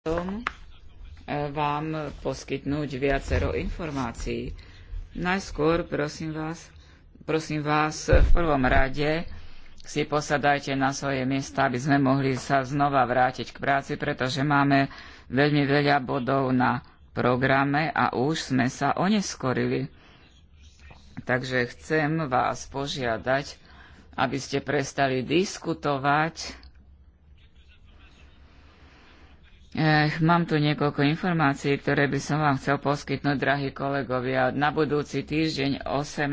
tom e, vám poskytnúť viacero informácií. Najskôr prosím vás, prosím vás v prvom rade si posadajte na svoje miesta, aby sme mohli sa znova vrátiť k práci, pretože máme veľmi veľa bodov na programe a už sme sa oneskorili. Takže chcem vás požiadať, aby ste prestali diskutovať Ech, mám tu niekoľko informácií, ktoré by som vám chcel poskytnúť, drahí kolegovia. Na budúci týždeň 18.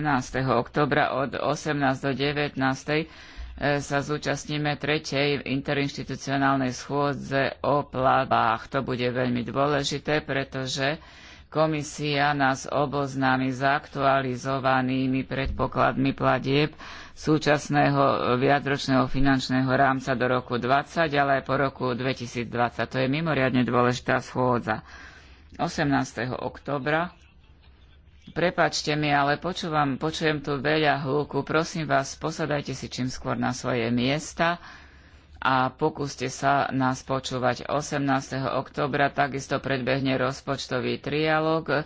oktobra od 18. do 19. Eh, sa zúčastníme tretej interinstitucionálnej schôdze o plavách. To bude veľmi dôležité, pretože Komisia nás oboznámi s aktualizovanými predpokladmi platieb súčasného viacročného finančného rámca do roku 20, ale aj po roku 2020. To je mimoriadne dôležitá schôdza. 18. oktobra. Prepačte mi, ale počúvam, počujem tu veľa hluku. Prosím vás, posadajte si čím skôr na svoje miesta a pokúste sa nás počúvať. 18. oktobra takisto predbehne rozpočtový trialog, e,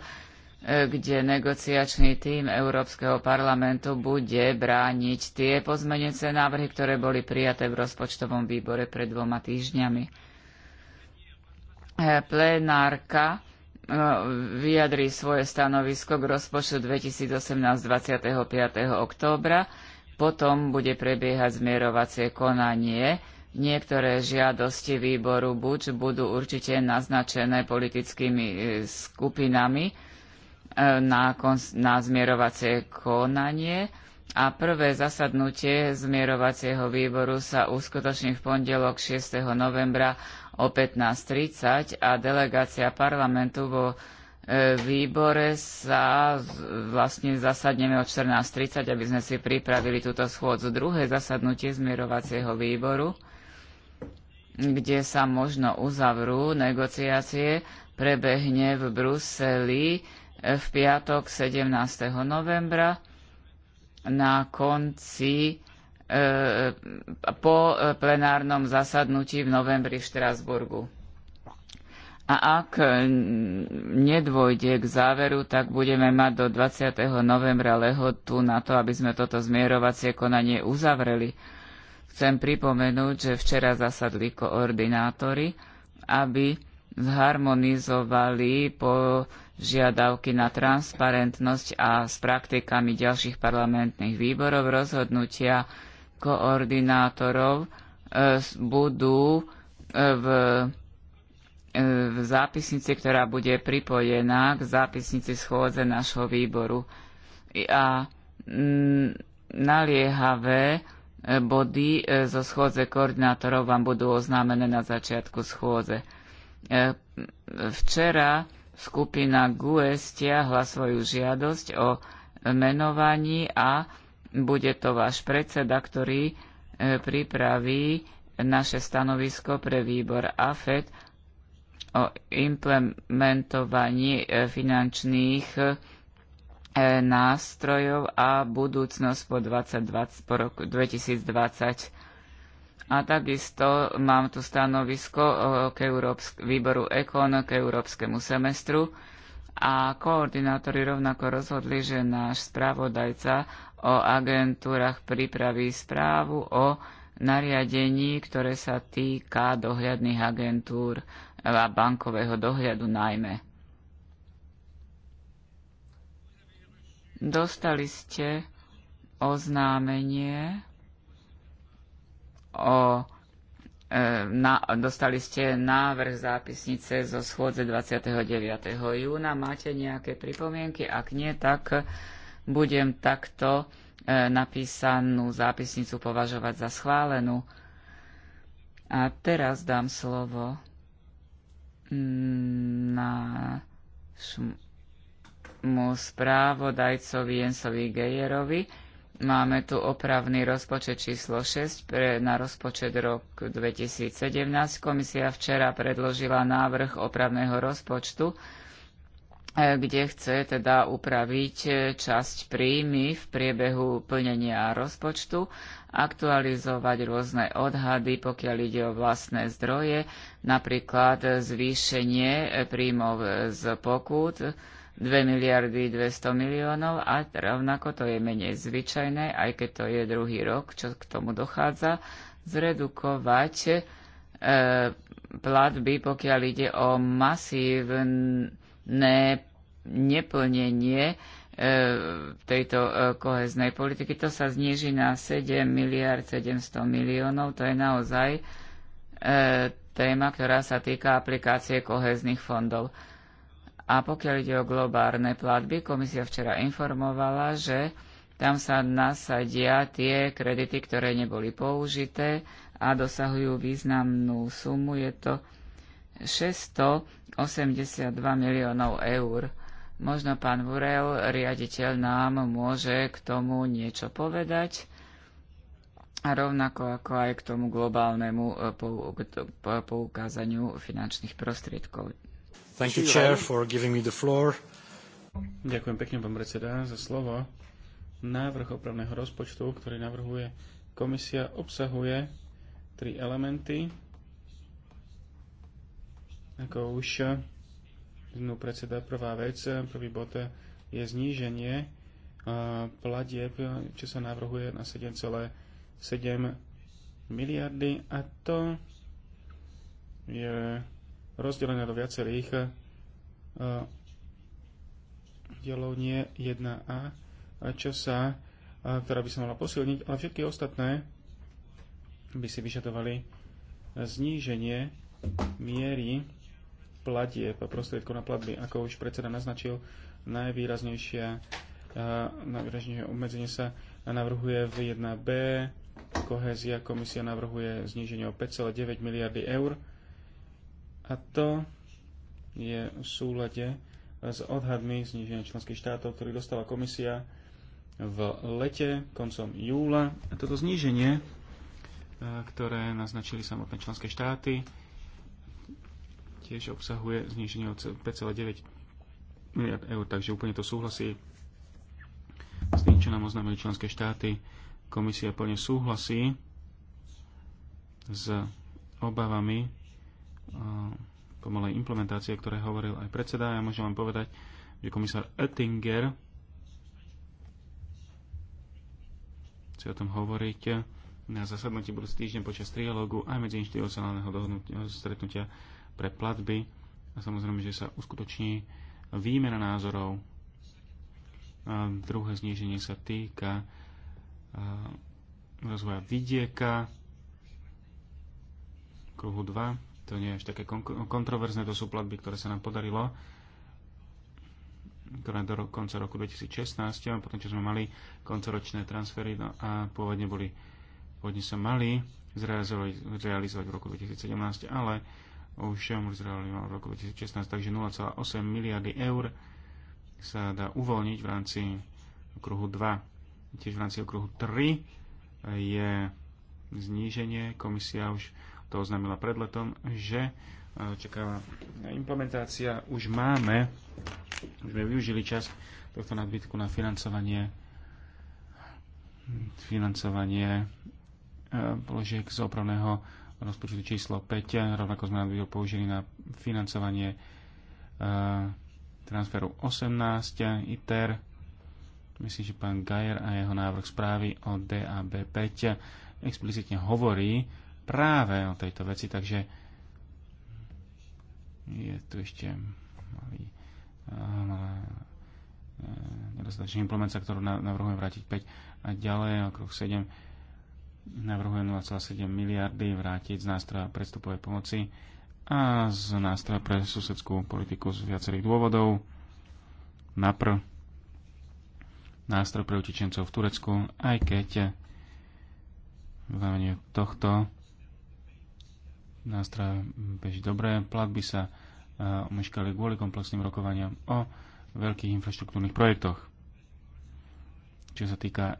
kde negociačný tím Európskeho parlamentu bude brániť tie pozmenece návrhy, ktoré boli prijaté v rozpočtovom výbore pred dvoma týždňami. E, Plenárka e, vyjadrí svoje stanovisko k rozpočtu 2018 25. októbra. Potom bude prebiehať zmierovacie konanie Niektoré žiadosti výboru buď budú určite naznačené politickými e, skupinami e, na, na zmierovacie konanie a prvé zasadnutie zmierovacieho výboru sa uskutoční v pondelok 6. novembra o 15.30 a delegácia parlamentu vo e, výbore sa vlastne zasadneme o 14.30, aby sme si pripravili túto schôdzu. Druhé zasadnutie zmierovacieho výboru kde sa možno uzavrú negociácie, prebehne v Bruseli eh, v piatok 17. novembra na konci eh, po eh, plenárnom zasadnutí v novembri v Štrasburgu. A ak nedvojde k záveru, tak budeme mať do 20. novembra lehotu na to, aby sme toto zmierovacie konanie uzavreli. Chcem pripomenúť, že včera zasadli koordinátori, aby zharmonizovali požiadavky na transparentnosť a s praktikami ďalších parlamentných výborov rozhodnutia koordinátorov e, budú e, v, e, v zápisnici, ktorá bude pripojená k zápisnici schôdze nášho výboru. A naliehavé body e, zo schôdze koordinátorov vám budú oznámené na začiatku schôdze. E, včera skupina GUE stiahla svoju žiadosť o menovaní a bude to váš predseda, ktorý e, pripraví naše stanovisko pre výbor AFED o implementovaní finančných E, nástrojov a budúcnosť po, 2020, po roku 2020. A takisto mám tu stanovisko e, k Európsk- výboru EKON k európskemu semestru a koordinátori rovnako rozhodli, že náš správodajca o agentúrach pripraví správu o nariadení, ktoré sa týka dohľadných agentúr a bankového dohľadu najmä. Dostali ste oznámenie o e, na, dostali ste návrh zápisnice zo schôdze 29. júna. Máte nejaké pripomienky? Ak nie, tak budem takto e, napísanú zápisnicu považovať za schválenú. A teraz dám slovo mm, na mu správodajcovi Jensovi Gejerovi. Máme tu opravný rozpočet číslo 6 pre, na rozpočet rok 2017. Komisia včera predložila návrh opravného rozpočtu, e, kde chce teda upraviť e, časť príjmy v priebehu plnenia rozpočtu, aktualizovať rôzne odhady, pokiaľ ide o vlastné zdroje, napríklad zvýšenie e, príjmov z pokút, 2 miliardy 200 miliónov a rovnako to je menej zvyčajné, aj keď to je druhý rok, čo k tomu dochádza, zredukovať e, platby, pokiaľ ide o masívne neplnenie e, tejto e, koheznej politiky. To sa zniží na 7 miliard 700 miliónov. To je naozaj e, téma, ktorá sa týka aplikácie kohezných fondov. A pokiaľ ide o globálne platby, komisia včera informovala, že tam sa nasadia tie kredity, ktoré neboli použité a dosahujú významnú sumu. Je to 682 miliónov eur. Možno pán Vurel, riaditeľ, nám môže k tomu niečo povedať. A rovnako ako aj k tomu globálnemu poukázaniu finančných prostriedkov. Thank you, Chair, for giving me the floor. Ďakujem pekne, pán predseda, za slovo. Návrh opravného rozpočtu, ktorý navrhuje komisia, obsahuje tri elementy. Ako už no predseda, prvá vec, prvý bod je zníženie platieb, čo sa navrhuje na 7,7 miliardy a to je rozdelené do viacerých eh, dielov, nie 1A, čo sa, ktorá by sa mala posilniť, ale všetky ostatné by si vyžadovali zníženie miery platieb a prostriedkov na platby, ako už predseda naznačil, najvýraznejšia eh, najvýraznejšie obmedzenie sa navrhuje v 1B, kohézia komisia navrhuje zníženie o 5,9 miliardy eur, a to je v súlade s odhadmi zniženia členských štátov, ktorý dostala komisia v lete, koncom júla. A toto zníženie, e, ktoré naznačili samotné členské štáty, tiež obsahuje zníženie o 5,9 miliard eur, takže úplne to súhlasí s tým, čo nám oznámili členské štáty. Komisia plne súhlasí s obavami pomalej implementácie, ktoré hovoril aj predseda. Ja môžem vám povedať, že komisár Oettinger chce o tom hovoriť na zasadnutí budúci týždeň počas trialógu aj medzi inštitucionálneho stretnutia pre platby a samozrejme, že sa uskutoční výmena názorov. A druhé zníženie sa týka rozvoja vidieka, kruhu 2, to nie je až také kontroverzné, to sú platby, ktoré sa nám podarilo ktoré do konca roku 2016, potom čo sme mali koncoročné transfery no a pôvodne boli pôvodne sa mali zrealizovať, zrealizovať v roku 2017, ale už boli zrealizovať v roku 2016, takže 0,8 miliardy eur sa dá uvoľniť v rámci okruhu 2. Tiež v rámci okruhu 3 je zníženie, komisia už to oznámila pred letom, že e, čaká e, implementácia. Už máme, už sme využili čas tohto nadbytku na financovanie financovanie e, položiek z opravného rozpočtu číslo 5. Rovnako sme nadbytok použili na financovanie transferu 18, ITER, myslím, že pán Gajer a jeho návrh správy o DAB 5 explicitne hovorí práve o tejto veci, takže je tu ešte malý, eh, malá eh, nedostatočná implementácia, ktorú navrhujem vrátiť 5 a ďalej okruh 7 navrhujem 0,7 miliardy vrátiť z nástroja predstupovej pomoci a z nástroja pre susedskú politiku z viacerých dôvodov. Napr nástroj pre utečencov v Turecku, aj keď v tohto nástroja beží dobre, platby sa e, omeškali kvôli komplexným rokovaniam o veľkých infraštruktúrnych projektoch. Čo sa týka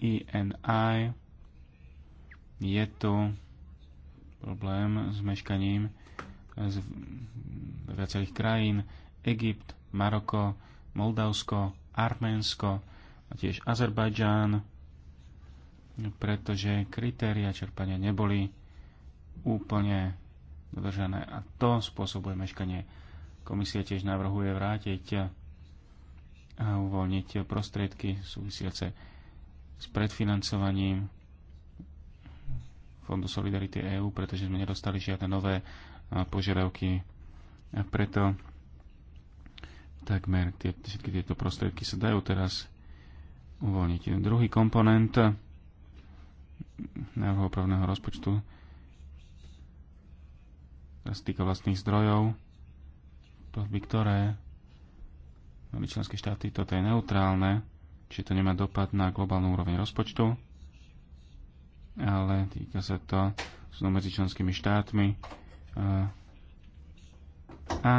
INI, je tu problém s meškaním z viacerých krajín, Egypt, Maroko, Moldavsko, Arménsko a tiež Azerbajdžán, pretože kritéria čerpania neboli úplne dodržané a to spôsobuje meškanie. Komisia tiež navrhuje vrátiť a uvoľniť prostriedky súvisiace s predfinancovaním Fondu Solidarity EÚ, pretože sme nedostali žiadne nové požiadavky a preto takmer tie, všetky tieto prostriedky sa dajú teraz uvoľniť. Druhý komponent návrhu opravného rozpočtu z týka vlastných zdrojov, platby, ktoré mali členské štáty, toto je neutrálne, čiže to nemá dopad na globálnu úroveň rozpočtu, ale týka sa to sú medzi členskými štátmi a, eh, a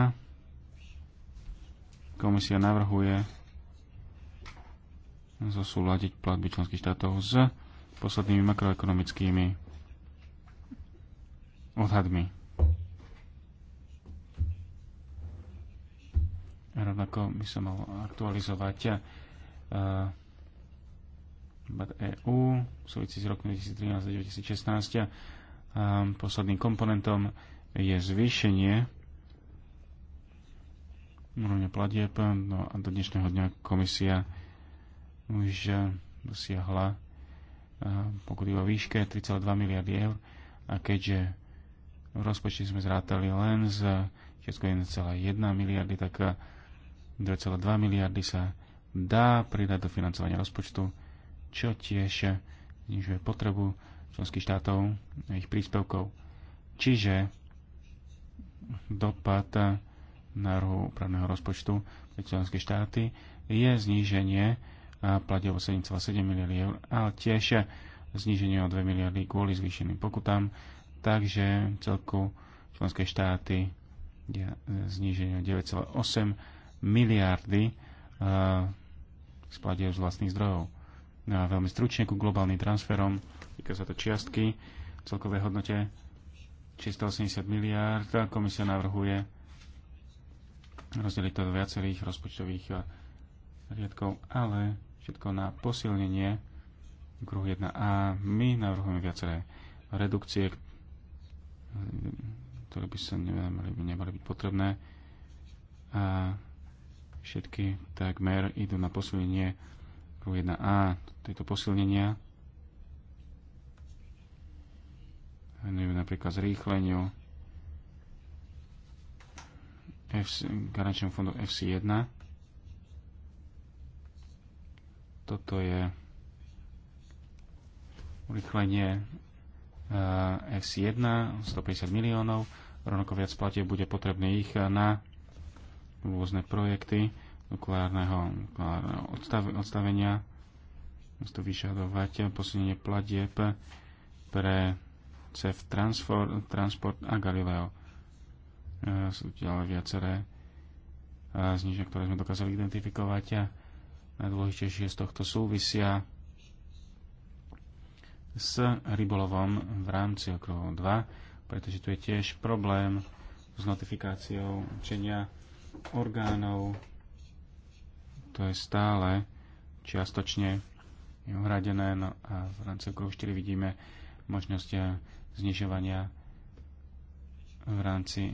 komisia navrhuje zosúľadiť platby členských štátov s poslednými makroekonomickými odhadmi. Rovnako by som mal aktualizovať EU eh, e v súvisí s rokom 2013-2016. Eh, posledným komponentom je zvýšenie úrovne platieb. No a do dnešného dňa komisia už dosiahla eh, pokuty vo výške 3,2 miliardy eur a keďže v rozpočte sme zrátali len z Česko 1,1 miliardy, tak 2,2 miliardy sa dá pridať do financovania rozpočtu, čo tiež znižuje potrebu členských štátov a ich príspevkov. Čiže dopad na rohu úpravného rozpočtu pre členské štáty je zníženie platie o 7,7 miliardy eur, ale tiež zníženie o 2 miliardy kvôli zvýšeným pokutám, takže celku členské štáty zníženie o 9,8 miliardy eh, splatil z vlastných zdrojov. No a veľmi stručne ku globálnym transferom, týka sa to čiastky, v celkovej hodnote 680 miliárd. Komisia navrhuje rozdeliť to do viacerých rozpočtových eh, riadkov, ale všetko na posilnenie kruh 1a. My navrhujeme viaceré redukcie, eh, ktoré by sa nemali, by nemali byť potrebné. A Všetky takmer idú na posilnenie kruhu 1A tejto posilnenia. Venujú napríklad zrýchleniu FC, garančnému fondu FC1. Toto je urychlenie e, FC1 150 miliónov, rovnako viac platie bude ich na rôzne projekty nukleárneho, nukleárneho odstav, odstavenia. Musí to vyžadovať posunenie platieb pre CEF Transport, Transport a Galileo. E, sú ďalej viaceré e, zniženia, ktoré sme dokázali identifikovať a najdôležitejšie z tohto súvisia s rybolovom v rámci okruhu 2, pretože tu je tiež problém s notifikáciou učenia orgánov. To je stále čiastočne uhradené no a v rámci okruhu 4 vidíme možnosť znižovania v rámci e,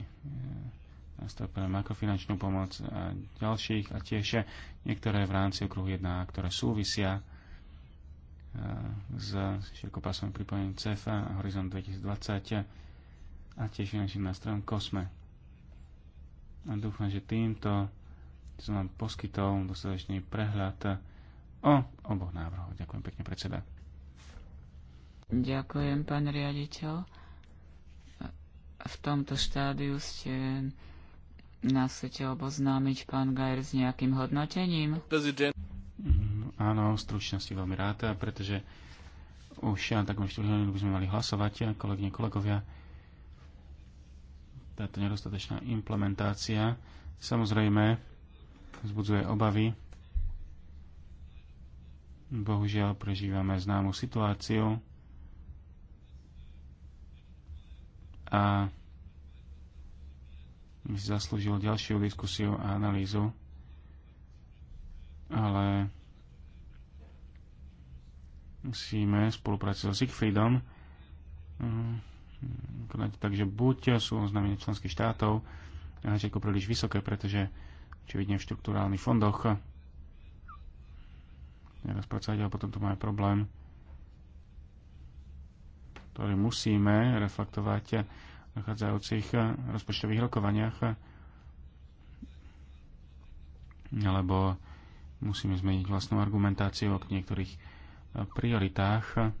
nástroja makrofinančnú pomoc a ďalších a tiež niektoré v rámci okruhu 1, ktoré súvisia e, s širokopásovým pripojením CEFA a Horizon 2020 a tiež finančným nástrojom COSME. A dúfam, že týmto som vám poskytol dostatočný prehľad o oboch návrhoch. Ďakujem pekne, predseda. Ďakujem, pán riaditeľ. V tomto štádiu ste nás chcete oboznámiť, pán Gajer, s nejakým hodnotením? Mm, áno, v stručnosti veľmi rád, pretože už takom už by sme mali hlasovať, kolegyne, kolegovia táto nedostatočná implementácia samozrejme vzbudzuje obavy. Bohužiaľ prežívame známu situáciu a by si zaslúžil ďalšiu diskusiu a analýzu, ale musíme spolupracovať s Siegfriedom, mm. Takže buď sú oznámenia členských štátov ako príliš vysoké, pretože či vidím v štruktúrálnych fondoch nerozpracovať a potom tu máme problém, ktorý musíme reflektovať v nachádzajúcich rozpočtových rokovaniach alebo musíme zmeniť vlastnú argumentáciu o niektorých prioritách,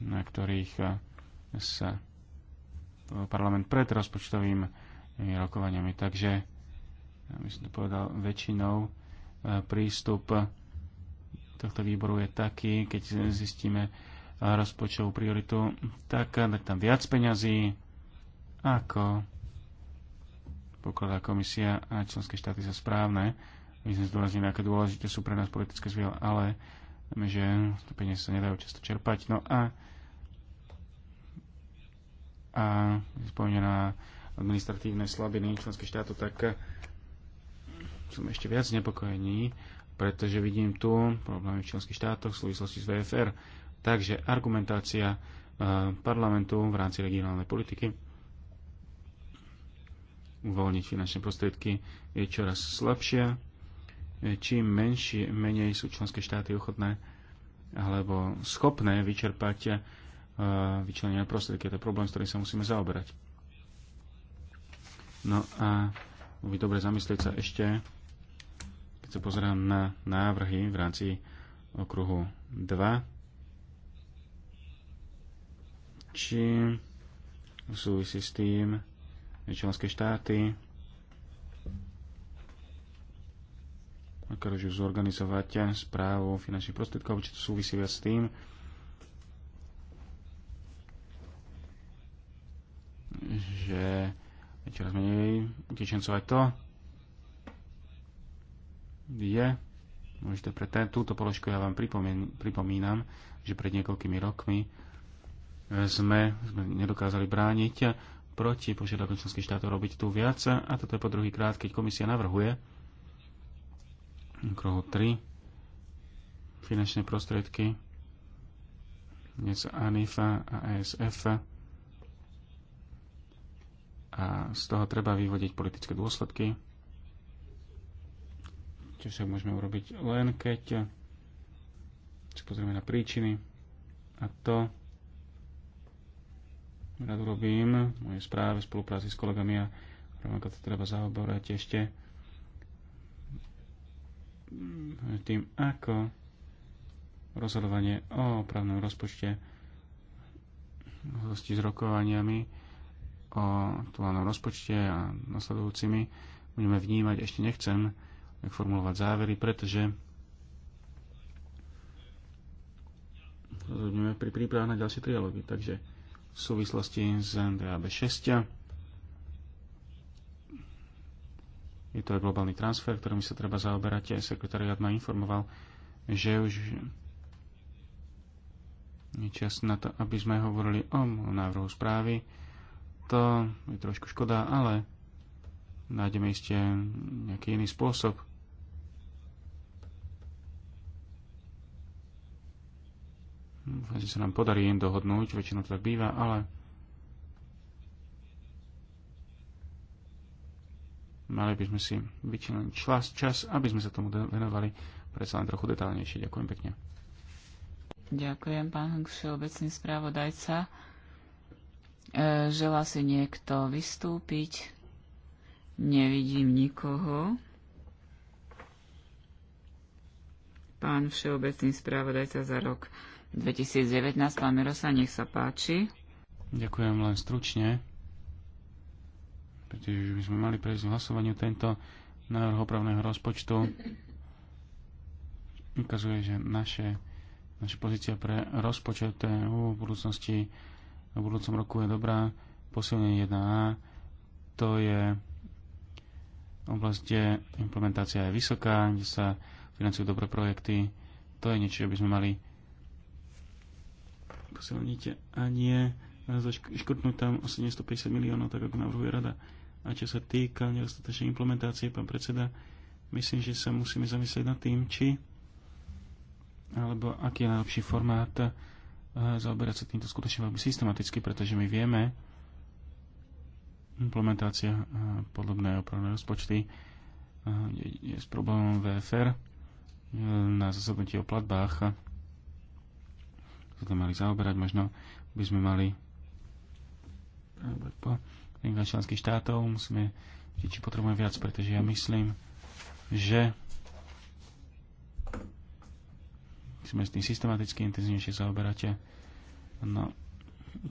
na ktorých s parlament pred rozpočtovým rokovaniami. Takže, aby som to povedal, väčšinou e, prístup tohto výboru je taký, keď zistíme rozpočtovú prioritu, tak dať tam viac peňazí, ako pokladá komisia a členské štáty sa správne. My sme zdôraznili, aké dôležité sú pre nás politické zviel, ale vieme, že peniaze sa nedajú často čerpať. No a a na administratívne slabiny členských štátov, tak som ešte viac nepokojený, pretože vidím tu problémy v členských štátoch v súvislosti s VFR. Takže argumentácia eh, parlamentu v rámci regionálnej politiky uvoľniť finančné prostriedky je čoraz slabšia. Eh, čím menšie, menej sú členské štáty ochotné alebo schopné vyčerpať eh, vyčlenené prostriedky. Je to problém, s ktorým sa musíme zaoberať. No a by dobre zamyslieť sa ešte, keď sa pozerám na návrhy v rámci okruhu 2, či súvisí s tým, že členské štáty dokážu zorganizovať správu finančných prostriedkov, či to súvisí viac s tým, že čoraz menej utečencov aj to je Môžete Pre túto položku ja vám pripomín, pripomínam, že pred niekoľkými rokmi sme, sme nedokázali brániť proti požiadavkom členských štátov robiť tu viac a toto je po druhý krát, keď komisia navrhuje kruhu 3 finančné prostriedky dnes ANIFA a ESF a z toho treba vyvodiť politické dôsledky, čo však môžeme urobiť len keď sa pozrieme na príčiny a to rád urobím moje správy, správe spolupráci s kolegami a rovnako to treba zaoberať ešte tým, ako rozhodovanie o právnom rozpočte v s rokovaniami o aktuálnom rozpočte a nasledujúcimi budeme vnímať, ešte nechcem formulovať závery, pretože rozhodneme pri príprave na ďalšie trialógy. Takže v súvislosti s NDAB 6 je to aj globálny transfer, ktorým sa treba zaoberať. Sekretariat ma informoval, že už je čas na to, aby sme hovorili o návrhu správy to je trošku škoda, ale nájdeme ešte nejaký iný spôsob. Dúfam, že sa nám podarí im dohodnúť, väčšinou to tak býva, ale mali by sme si vyčleniť čas, čas, aby sme sa tomu venovali predsa len trochu detálnejšie. Ďakujem pekne. Ďakujem, pán všeobecný správodajca. E, želá si niekto vystúpiť? Nevidím nikoho. Pán všeobecný správodajca za rok 2019, pán Mirosa, nech sa páči. Ďakujem len stručne, pretože by sme mali prejsť v hlasovaniu tento návrh opravného rozpočtu. Ukazuje, že naše, naša pozícia pre rozpočet e v budúcnosti v budúcom roku je dobrá. Posilnenie 1A, to je oblasť, kde implementácia je vysoká, kde sa financujú dobré projekty. To je niečo, čo by sme mali posilniť a nie škrtnúť tam 750 miliónov, tak ako navrhuje rada. A čo sa týka nedostatečnej implementácie, pán predseda, myslím, že sa musíme zamyslieť nad tým, či alebo aký je najlepší formát E, zaoberať sa týmto skutočne veľmi systematicky, pretože my vieme, implementácia e, podobné opravné rozpočty e, je, s problémom VFR na zasadnutí o platbách sa to mali zaoberať, možno by sme mali po členských štátov musíme či potrebujeme viac, pretože ja myslím, že sme s tým systematicky intenzívnejšie zaoberáte. No,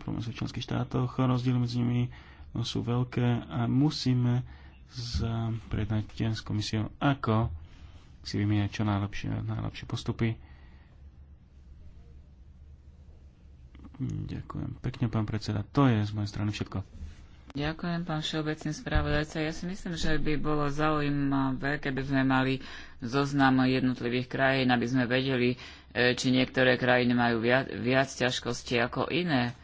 v členských štátoch rozdiely medzi nimi sú veľké a musíme prednať s komisiou, ako si vymieňať čo najlepšie, najlepšie postupy. Ďakujem pekne, pán predseda. To je z mojej strany všetko. Ďakujem, pán všeobecný spravodajca. Ja si myslím, že by bolo zaujímavé, keby sme mali zoznam jednotlivých krajín, aby sme vedeli, e, či niektoré krajiny majú viac, viac ťažkostí ako iné.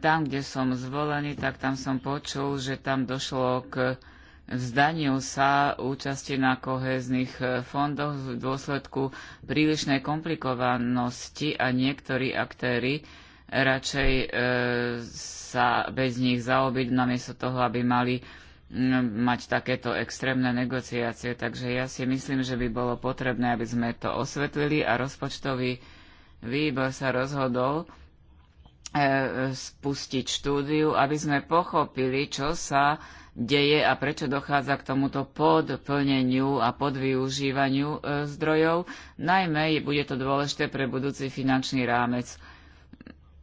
Tam, kde som zvolený, tak tam som počul, že tam došlo k vzdaniu sa účasti na kohéznych e, fondoch v dôsledku prílišnej komplikovanosti a niektorí aktéry radšej e, sa bez nich zaobiť, namiesto toho, aby mali mať takéto extrémne negociácie. Takže ja si myslím, že by bolo potrebné, aby sme to osvetlili a rozpočtový výbor sa rozhodol e, spustiť štúdiu, aby sme pochopili, čo sa deje a prečo dochádza k tomuto podplneniu a podvyužívaniu e, zdrojov. Najmä bude to dôležité pre budúci finančný rámec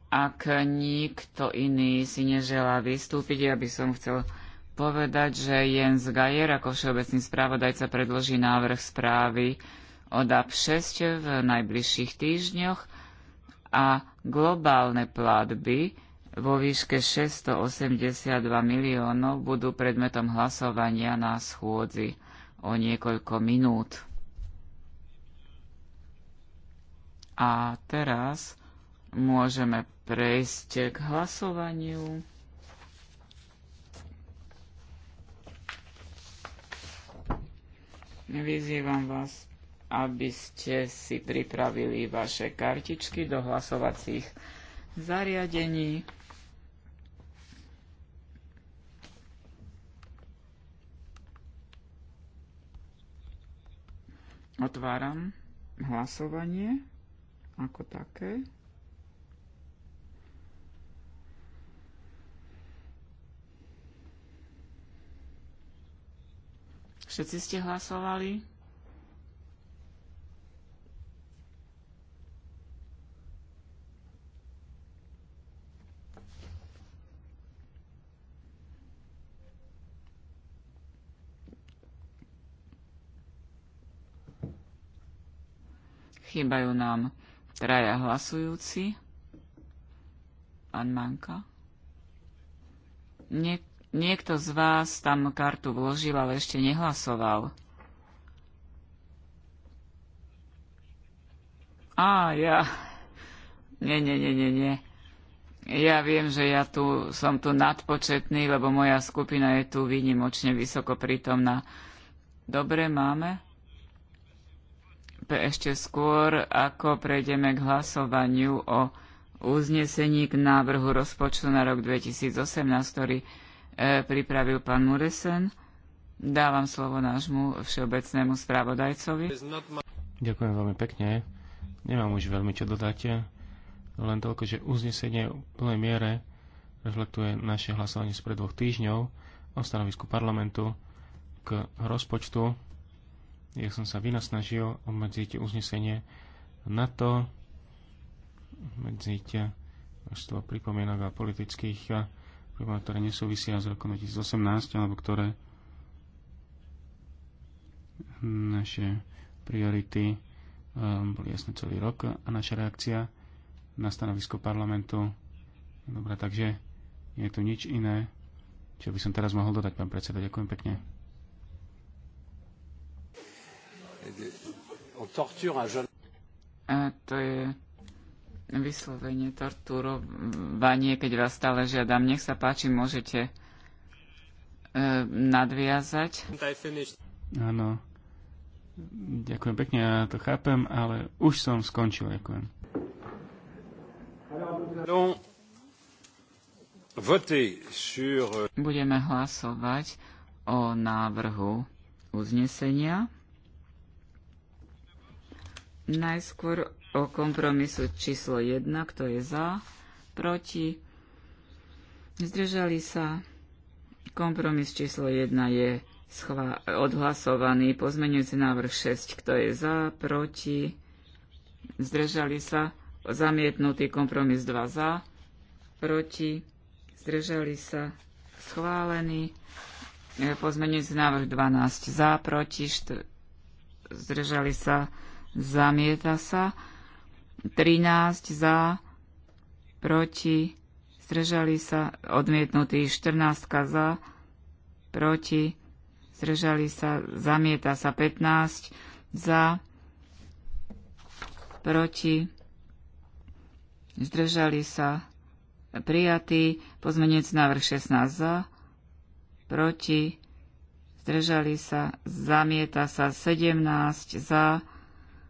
ak nikto iný si neželá vystúpiť, ja by som chcel povedať, že Jens Gajer ako všeobecný správodajca predloží návrh správy o DAP 6 v najbližších týždňoch a globálne platby vo výške 682 miliónov budú predmetom hlasovania na schôdzi o niekoľko minút. A teraz môžeme prejsť k hlasovaniu. Vyzývam vás, aby ste si pripravili vaše kartičky do hlasovacích zariadení. Otváram hlasovanie ako také. Všetci ste hlasovali? Chýbajú nám traja hlasujúci. Pán Manka. Nie, Niekto z vás tam kartu vložil, ale ešte nehlasoval. Á, ja. Nie, nie, nie, nie, nie. Ja viem, že ja tu som tu nadpočetný, lebo moja skupina je tu výnimočne vysoko prítomná. Dobre, máme? Ešte skôr, ako prejdeme k hlasovaniu o uznesení k návrhu rozpočtu na rok 2018, ktorý E, pripravil pán Muresen. Dávam slovo nášmu všeobecnému správodajcovi. Ďakujem veľmi pekne. Nemám už veľmi čo dodať. Len toľko, že uznesenie v plnej miere reflektuje naše hlasovanie spred dvoch týždňov o stanovisku parlamentu k rozpočtu. Ja som sa vynasnažil obmedziť uznesenie na to, obmedziť množstvo pripomienok a politických prvá, ktoré nesúvisia s rokom 2018, alebo ktoré naše priority ehm, boli jasné celý rok a naša reakcia na stanovisko parlamentu Dobre, takže nie je tu nič iné, čo by som teraz mohol dodať, pán predseda. Ďakujem pekne. A to je vyslovene torturovanie, keď vás stále žiadam. Nech sa páči, môžete e, nadviazať. Áno. Ďakujem pekne, ja to chápem, ale už som skončil, ďakujem. Euh, Budeme hlasovať o návrhu uznesenia. Najskôr o kompromisu číslo 1, kto je za, proti, zdržali sa. Kompromis číslo 1 je odhlasovaný. Pozmeňujúci návrh 6, kto je za, proti, zdržali sa. Zamietnutý kompromis 2 za, proti, zdržali sa. Schválený. E, pozmeňujúci návrh 12 za, proti, zdržali sa. Zamieta sa. 13 za, proti, zdržali sa, odmietnutý 14 za, proti, zdržali sa, zamieta sa 15 za, proti, zdržali sa, prijatý, pozmenec návrh 16 za, proti, zdržali sa, zamieta sa 17 za,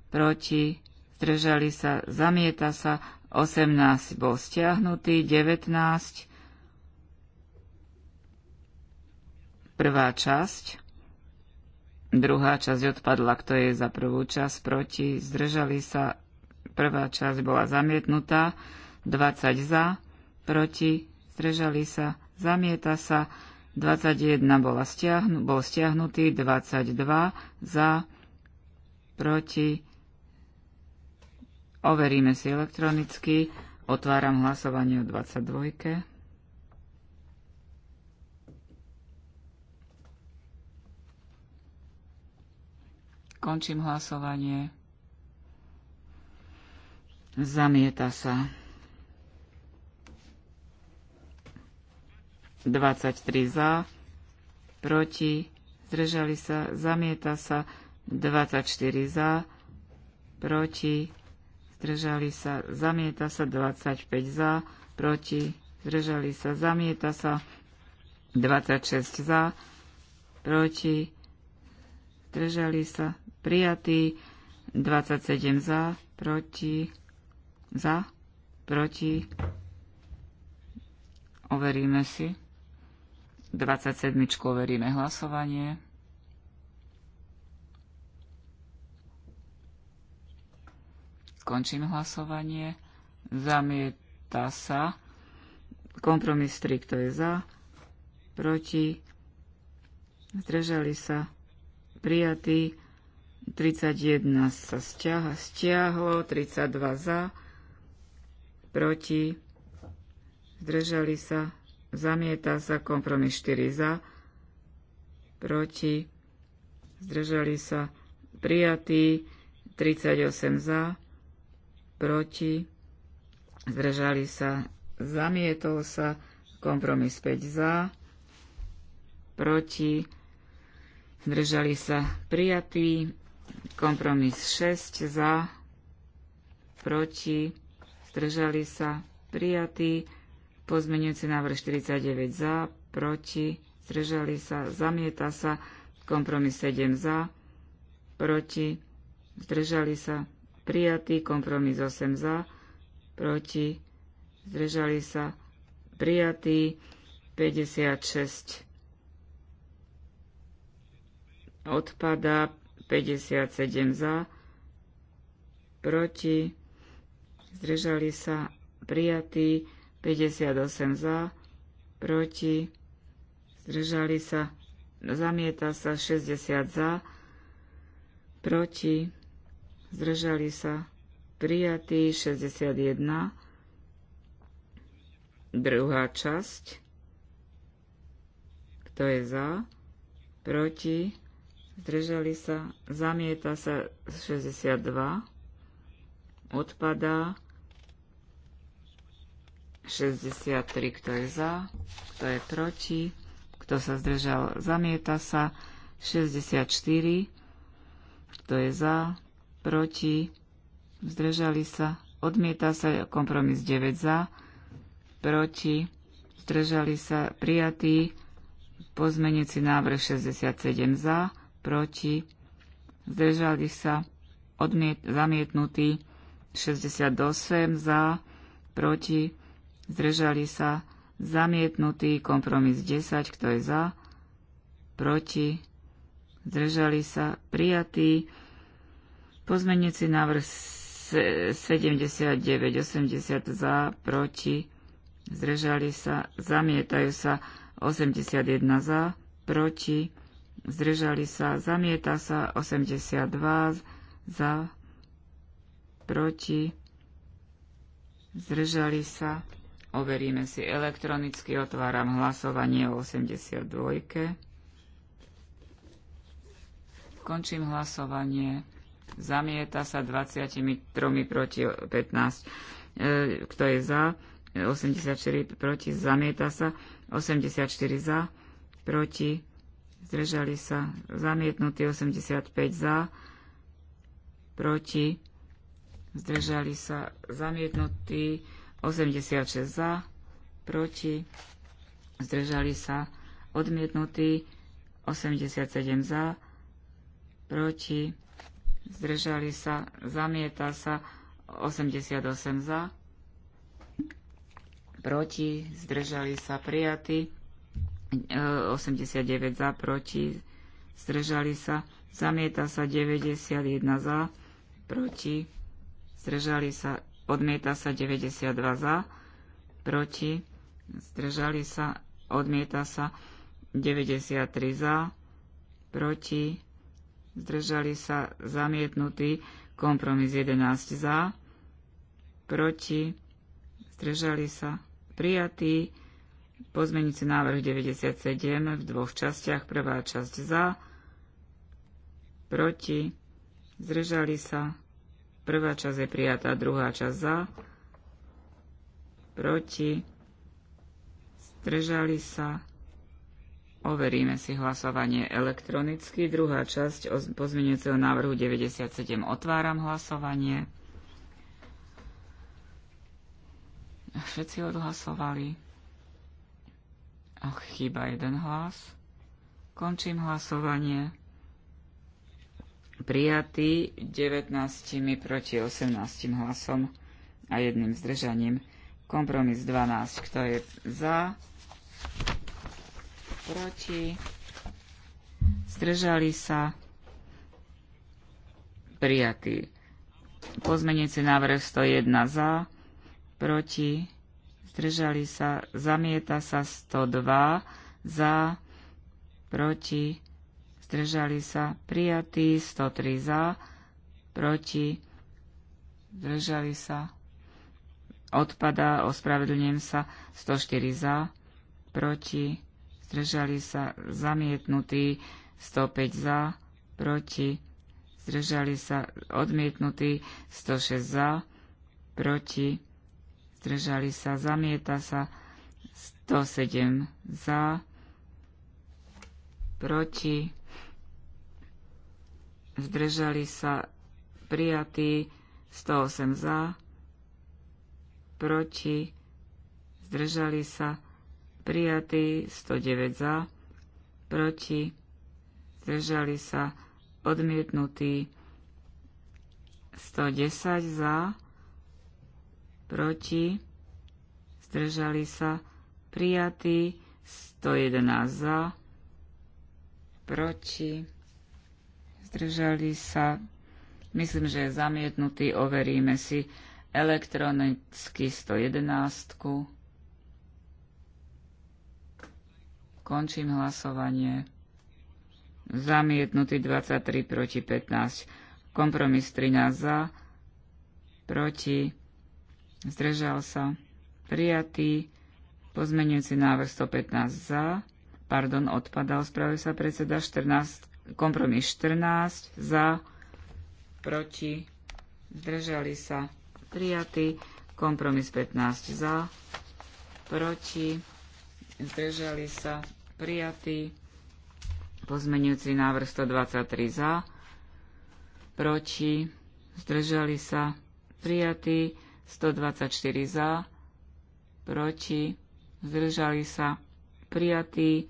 proti, zdržali sa, zamieta sa, 18 bol stiahnutý, 19, prvá časť, druhá časť odpadla, kto je za prvú časť, proti, zdržali sa, prvá časť bola zamietnutá, 20 za, proti, zdržali sa, zamieta sa, 21 bola stiahnu, bol stiahnutý, 22 za, proti, Overíme si elektronicky. Otváram hlasovanie o 22. Končím hlasovanie. Zamieta sa. 23 za, proti, zdržali sa, zamieta sa, 24 za, proti, zdržali sa, zamieta sa 25 za, proti, zdržali sa, zamieta sa 26 za, proti, zdržali sa, prijatý 27 za, proti, za, proti, overíme si. 27. overíme hlasovanie. Končím hlasovanie. Zamieta sa. Kompromis 3, kto je za, proti, zdržali sa, prijatý. 31 sa stiaha, stiahlo, 32 za, proti, zdržali sa, zamieta sa, kompromis 4 za, proti, zdržali sa, prijatý, 38 za, proti, zdržali sa, zamietol sa, kompromis 5 za, proti, zdržali sa, prijatý, kompromis 6 za, proti, zdržali sa, prijatý, pozmenujúci návrh 49 za, proti, zdržali sa, zamieta sa, kompromis 7 za, proti, zdržali sa, prijatý, kompromis 8 za, proti, zdržali sa, prijatý, 56 odpada, 57 za, proti, zdržali sa, prijatý, 58 za, proti, zdržali sa, zamieta sa 60 za, proti, zdržali sa prijatí 61, druhá časť, kto je za, proti, zdržali sa, zamieta sa 62, odpadá 63, kto je za, kto je proti, kto sa zdržal, zamieta sa 64, kto je za, proti, zdržali sa, odmieta sa kompromis 9 za, proti, zdržali sa, prijatý, pozmenujúci návrh 67 za, proti, zdržali sa, odmiet, zamietnutý 68 za, proti, zdržali sa, zamietnutý kompromis 10, kto je za, proti, zdržali sa, prijatý Pozmeniaci návrh 79, 80 za, proti, zdržali sa, zamietajú sa 81 za, proti, zdržali sa, zamieta sa 82 za, proti, zdržali sa. Overíme si elektronicky, otváram hlasovanie o 82. Končím hlasovanie. Zamieta sa 23 proti 15. E, kto je za? 84 proti. Zamieta sa 84 za proti. Zdržali sa zamietnutí 85 za proti. Zdržali sa zamietnutí 86 za proti. Zdržali sa odmietnutí 87 za proti zdržali sa, zamieta sa, 88 za, proti, zdržali sa, prijatí, 89 e, za, proti, zdržali sa, zamieta sa, 91 za, proti, zdržali sa, odmieta sa, 92 za, proti, zdržali sa, odmieta sa, 93 za, proti, zdržali sa zamietnutí, kompromis 11 za, proti, zdržali sa prijatý pozmenujúci návrh 97 v dvoch častiach, prvá časť za, proti, zdržali sa, prvá časť je prijatá, druhá časť za, proti, zdržali sa, Overíme si hlasovanie elektronicky. Druhá časť pozmeňujúceho návrhu 97. Otváram hlasovanie. Všetci odhlasovali. Ach, chýba jeden hlas. Končím hlasovanie. Prijatý 19 proti 18 hlasom a jedným zdržaním. Kompromis 12. Kto je za? proti, zdržali sa, prijatý. Pozmeniaci návrh 101 za, proti, zdržali sa, zamieta sa 102 za, proti, zdržali sa, prijatý 103 za, proti, zdržali sa, odpada, ospravedlňujem sa, 104 za, proti, zdržali sa zamietnutí, 105 za, proti, zdržali sa odmietnutí, 106 za, proti, zdržali sa, zamieta sa, 107 za, proti, zdržali sa, prijatí, 108 za, proti, zdržali sa, prijatý 109 za, proti, zdržali sa, odmietnutý 110 za, proti, zdržali sa, prijatý 111 za, proti, zdržali sa, myslím, že je zamietnutý, overíme si elektronicky 111. Končím hlasovanie. Zamietnutý 23 proti 15. Kompromis 13 za, proti, zdržal sa. Prijatý pozmenujúci návrh 115 za, pardon, odpadal, spravil sa predseda 14, kompromis 14 za, proti, zdržali sa. Prijatý kompromis 15 za, proti, zdržali sa prijatý. Pozmenujúci návrh 123 za, proti, zdržali sa, prijatý. 124 za, proti, zdržali sa, prijatý.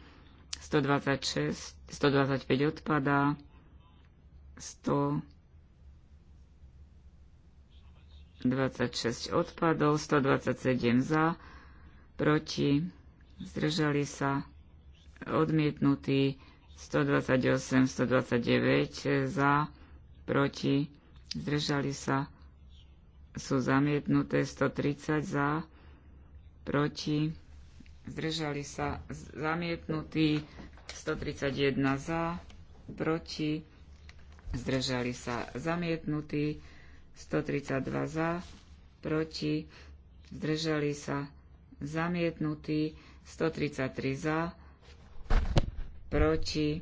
126, 125 odpadá, 100. 26 odpadov, 127 za, proti, zdržali sa, odmietnutý 128, 129 za, proti, zdržali sa, sú zamietnuté 130 za, proti, zdržali sa, zamietnutí 131 za, proti, zdržali sa, zamietnutí 132 za, proti, zdržali sa, zamietnutí 133 za, proti,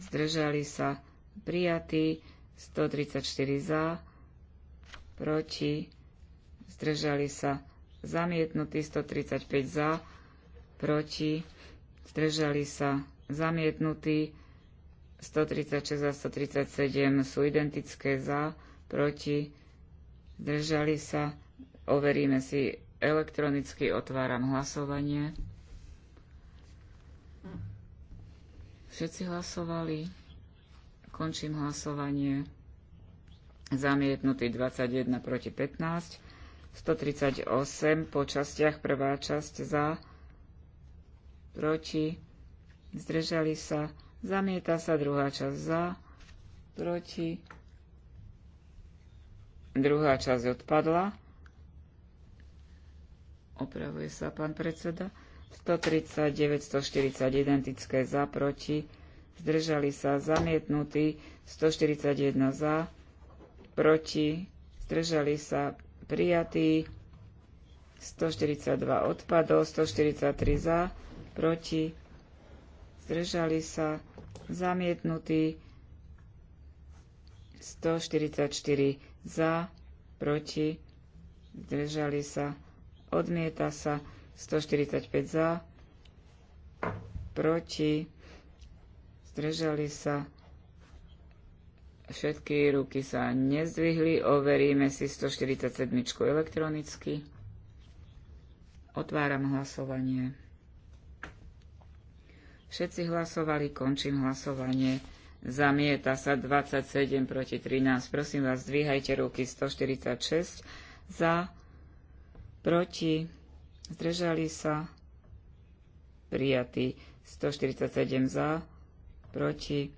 zdržali sa prijatí, 134 za, proti, zdržali sa zamietnutí, 135 za, proti, zdržali sa zamietnutí, 136 a 137 sú identické za, proti, zdržali sa, overíme si elektronicky, otváram hlasovanie. Všetci hlasovali. Končím hlasovanie. Zamietnutý 21 proti 15. 138 po častiach. Prvá časť za. Proti. Zdržali sa. Zamieta sa druhá časť za. Proti. Druhá časť odpadla. Opravuje sa pán predseda. 139, 140 identické za, proti, zdržali sa zamietnutí, 141 za, proti, zdržali sa prijatí, 142 odpadov, 143 za, proti, zdržali sa zamietnutí, 144 za, proti, zdržali sa, odmieta sa, 145 za, proti, zdržali sa, všetky ruky sa nezdvihli, overíme si 147 elektronicky. Otváram hlasovanie. Všetci hlasovali, končím hlasovanie. Zamieta sa 27 proti 13. Prosím vás, zdvíhajte ruky 146 za, proti, zdržali sa, prijatí, 147 za, proti,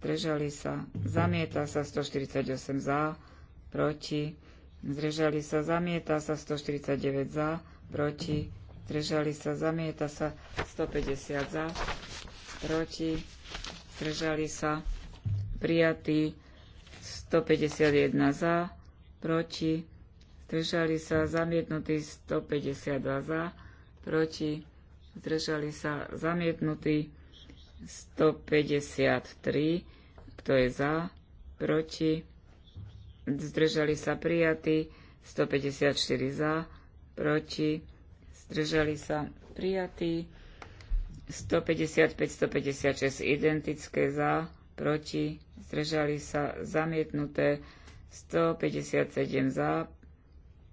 zdržali sa, zamieta sa 148 za, proti, zdržali sa, zamieta sa 149 za, proti, zdržali sa, zamieta sa 150 za, proti, zdržali sa, prijatí, 151 za, proti, zdržali sa zamietnutí 152 za, proti, zdržali sa zamietnutí 153, kto je za, proti, zdržali sa prijatí 154 za, proti, zdržali sa prijatí 155, 156 identické za, proti, zdržali sa zamietnuté 157 za,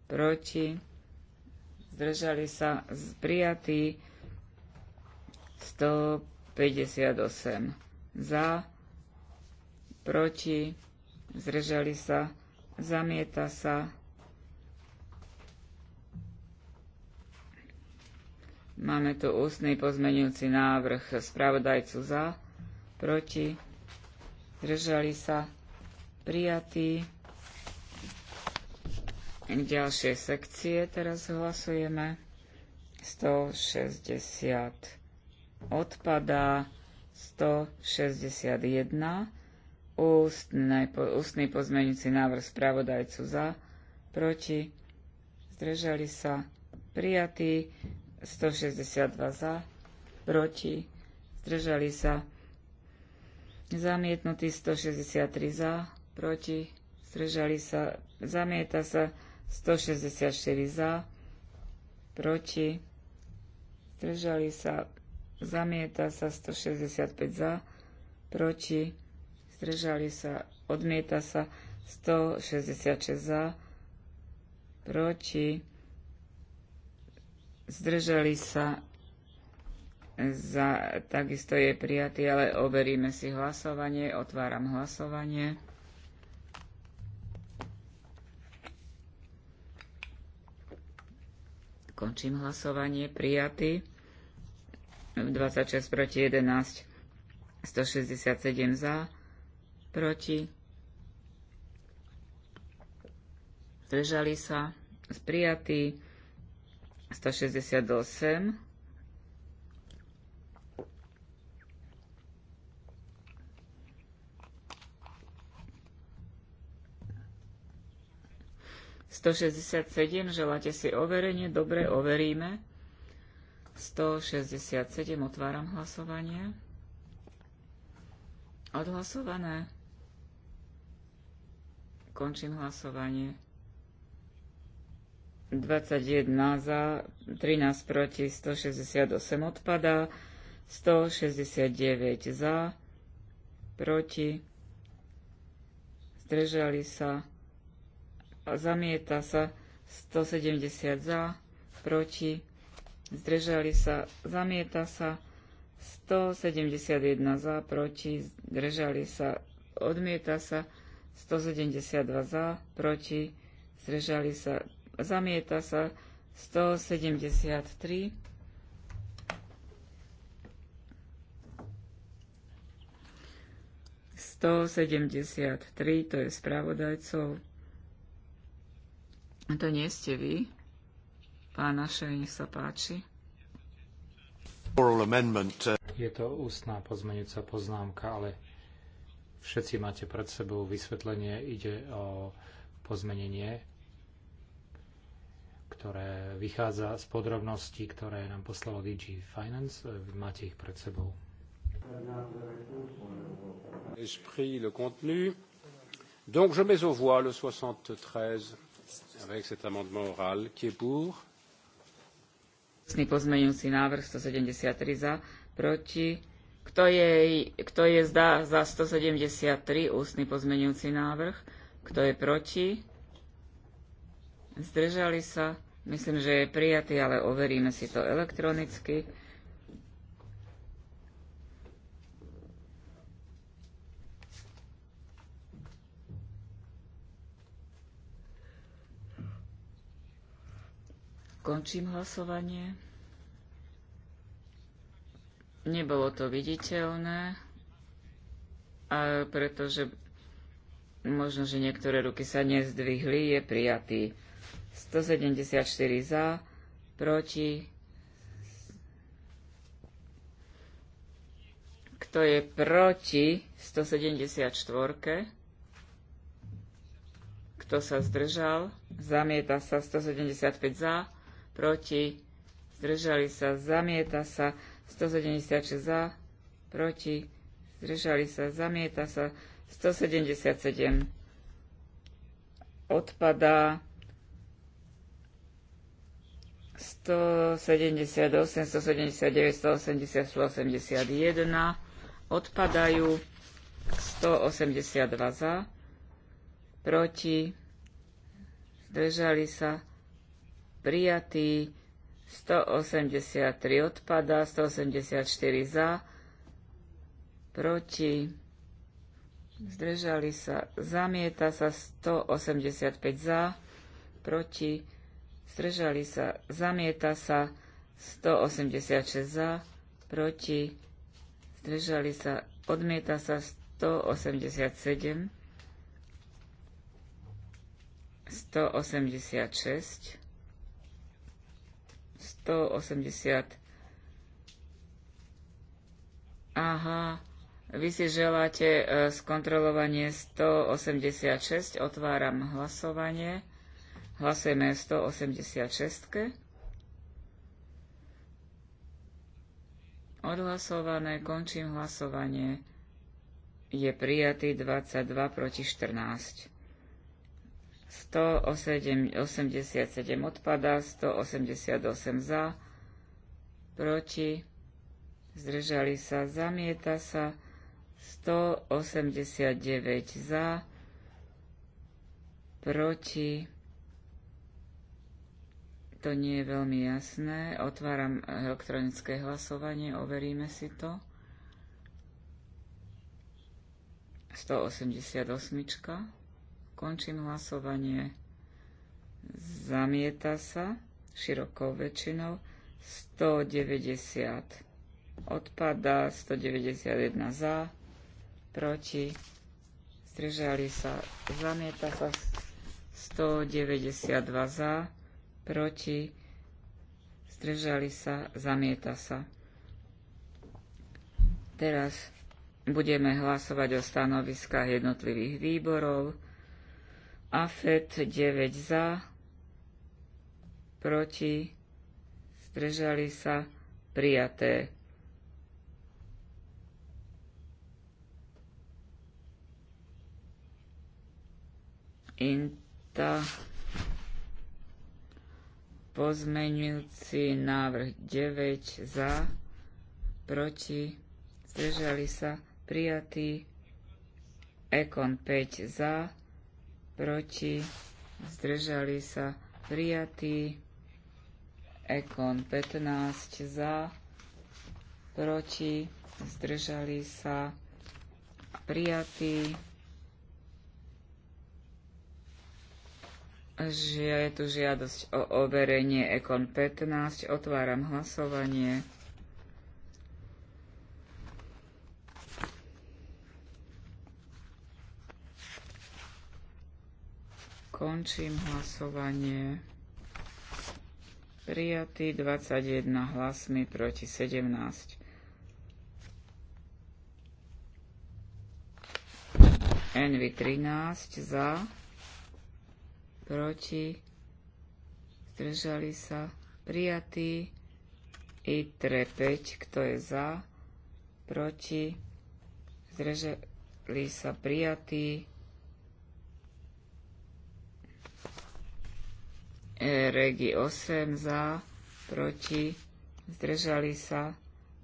proti, zdržali sa prijatí 158 za, proti, zdržali sa, zamieta sa. Máme tu ústny pozmenujúci návrh spravodajcu za, proti, zdržali sa, prijatí Ďalšie sekcie teraz hlasujeme. 160 odpadá, 161 ústne, ústny pozmeňujúci návrh spravodajcu za, proti, zdržali sa, prijatý, 162 za, proti, zdržali sa, zamietnutý 163 za, proti, zdržali sa, zamieta sa 164 za, proti, zdržali sa, zamieta sa 165 za, proti, zdržali sa, odmieta sa 166 za, proti, zdržali sa, za, takisto je prijatý, ale overíme si hlasovanie, otváram hlasovanie. Končím hlasovanie. Prijatý. 26 proti 11. 167 za. Proti. Zdržali sa. Prijatý. 168 167, želáte si overenie? Dobre, overíme. 167, otváram hlasovanie. Odhlasované. Končím hlasovanie. 21 za, 13 proti, 168 odpadá, 169 za, proti, zdržali sa zamieta sa 170 za, proti, zdržali sa, zamieta sa 171 za, proti, zdržali sa, odmieta sa 172 za, proti, zdržali sa, zamieta sa 173 173, to je spravodajcov a To nie ste vy. Pán našej, nech sa páči. Uh, je to ústná pozmenujúca poznámka, ale všetci máte pred sebou vysvetlenie. Ide o pozmenenie, ktoré vychádza z podrobností, ktoré nám poslalo DG Finance. Vy máte ich pred sebou. Donc je mets au voile le 73 avec cet amendement oral. Qui est pour? pozmeňujúci návrh 173 za, proti. Kto je, kto je za, za 173 ústny pozmeňujúci návrh? Kto je proti? Zdržali sa? Myslím, že je prijatý, ale overíme si to elektronicky. Končím hlasovanie. Nebolo to viditeľné, pretože možno, že niektoré ruky sa nezdvihli, je prijatý. 174 za, proti. Kto je proti 174? Kto sa zdržal? Zamieta sa 175 za, proti, zdržali sa, zamieta sa, 176 za, proti, zdržali sa, zamieta sa, 177 odpadá, 178, 179, 180, 181 odpadajú 182 za, proti, zdržali sa, prijatý, 183 odpada, 184 za, proti, zdržali sa, zamieta sa 185 za, proti, zdržali sa, zamieta sa 186 za, proti, zdržali sa, odmieta sa 187, 186, 180. Aha, vy si želáte e, skontrolovanie 186. Otváram hlasovanie. Hlasujeme 186. Odhlasované, končím hlasovanie. Je prijatý 22 proti 14. 187 odpadá, 188 za, proti, zdržali sa, zamieta sa, 189 za, proti, to nie je veľmi jasné, otváram elektronické hlasovanie, overíme si to. 188. Končím hlasovanie. Zamieta sa širokou väčšinou 190. Odpada 191 za, proti, zdržali sa, zamieta sa 192 za, proti, zdržali sa, zamieta sa. Teraz budeme hlasovať o stanoviskách jednotlivých výborov. AFET 9 za, proti, zdržali sa, prijaté. Inta pozmenujúci návrh 9 za, proti, zdržali sa, prijatý. Ekon 5 za, proti, zdržali sa prijatí, Ekon 15 za, proti, zdržali sa prijatí, že je tu žiadosť o overenie Ekon 15, otváram hlasovanie. Končím hlasovanie. Prijatý 21 hlasmi proti 17. NV 13 za, proti, zdržali sa, prijatý, ITRE 5, kto je za, proti, zdržali sa, prijatý, E, Regi 8 za, proti, zdržali sa,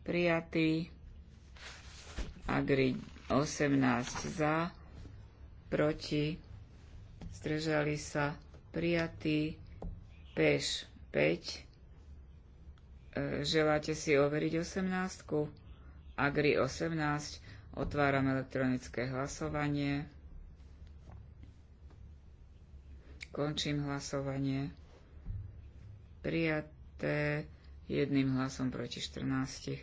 prijatý. Agri 18 za, proti, zdržali sa, prijatý. Peš 5. E, želáte si overiť 18? Agri 18. Otváram elektronické hlasovanie. Končím hlasovanie prijaté jedným hlasom proti 14.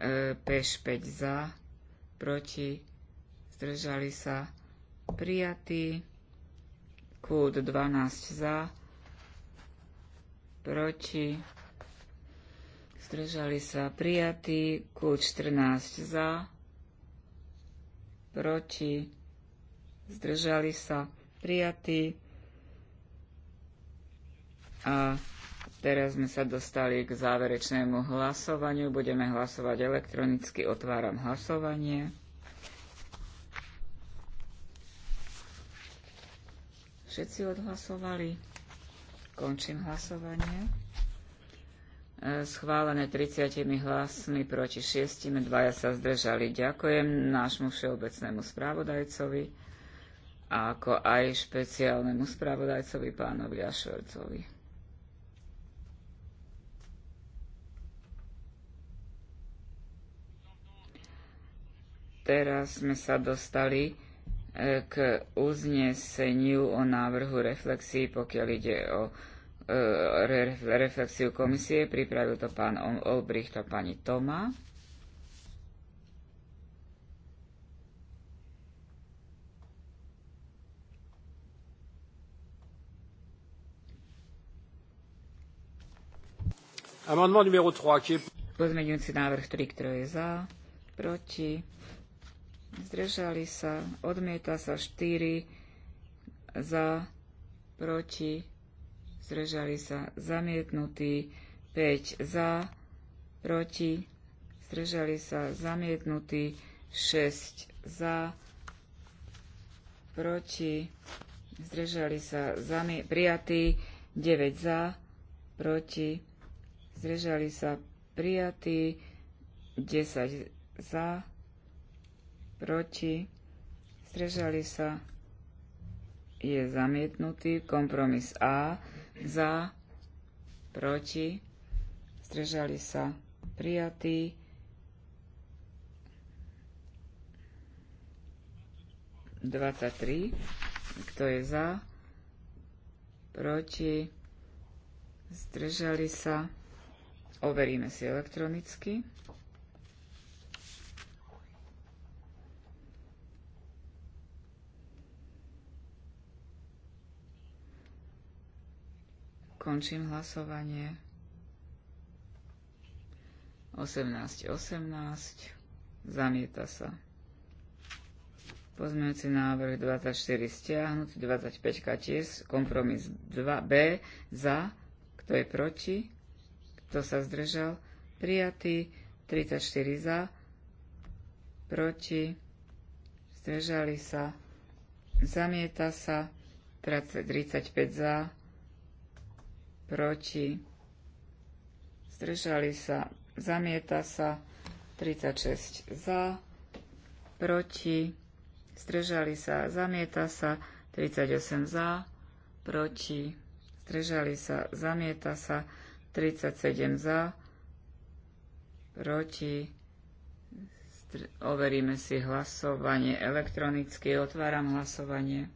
E, peš 5 za, proti, zdržali sa prijatí, kút 12 za, proti, zdržali sa prijatí, kút 14 za, proti, zdržali sa prijatí a Teraz sme sa dostali k záverečnému hlasovaniu. Budeme hlasovať elektronicky. Otváram hlasovanie. Všetci odhlasovali. Končím hlasovanie. E, schválené 30 hlasmi proti 6, dvaja sa zdržali. Ďakujem nášmu všeobecnému spravodajcovi ako aj špeciálnemu spravodajcovi pánovi Ašvercovi. Teraz sme sa dostali e, k uzneseniu o návrhu reflexí, pokiaľ ide o e, reflexiu komisie. Pripravil to pán Olbricht a pani Toma. Amendement numéro 3, qui est... Pozmeňujúci návrh 3, kto je za, proti zdržali sa, odmieta sa 4, za, proti, zdržali sa, zamietnutý 5, za, proti, zdržali sa, zamietnutý 6, za, proti, zdržali sa, zami- prijatý 9, za, proti, zdržali sa, prijatý 10, za, proti, zdržali sa, je zamietnutý. Kompromis A, za, proti, zdržali sa, prijatý. Dvadsaťtri, kto je za, proti, zdržali sa, overíme si elektronicky. Končím hlasovanie. 18, 18. Zamieta sa. Pozmeňujúci návrh 24 stiahnutý, 25 tiež, kompromis 2b za, kto je proti, kto sa zdržal, prijatý, 34 za, proti, zdržali sa, zamieta sa, 35 za, proti, zdržali sa, zamieta sa, 36 za, proti, zdržali sa, zamieta sa, 38 za, proti, zdržali sa, zamieta sa, 37 za, proti, overíme si hlasovanie elektronicky, otváram hlasovanie.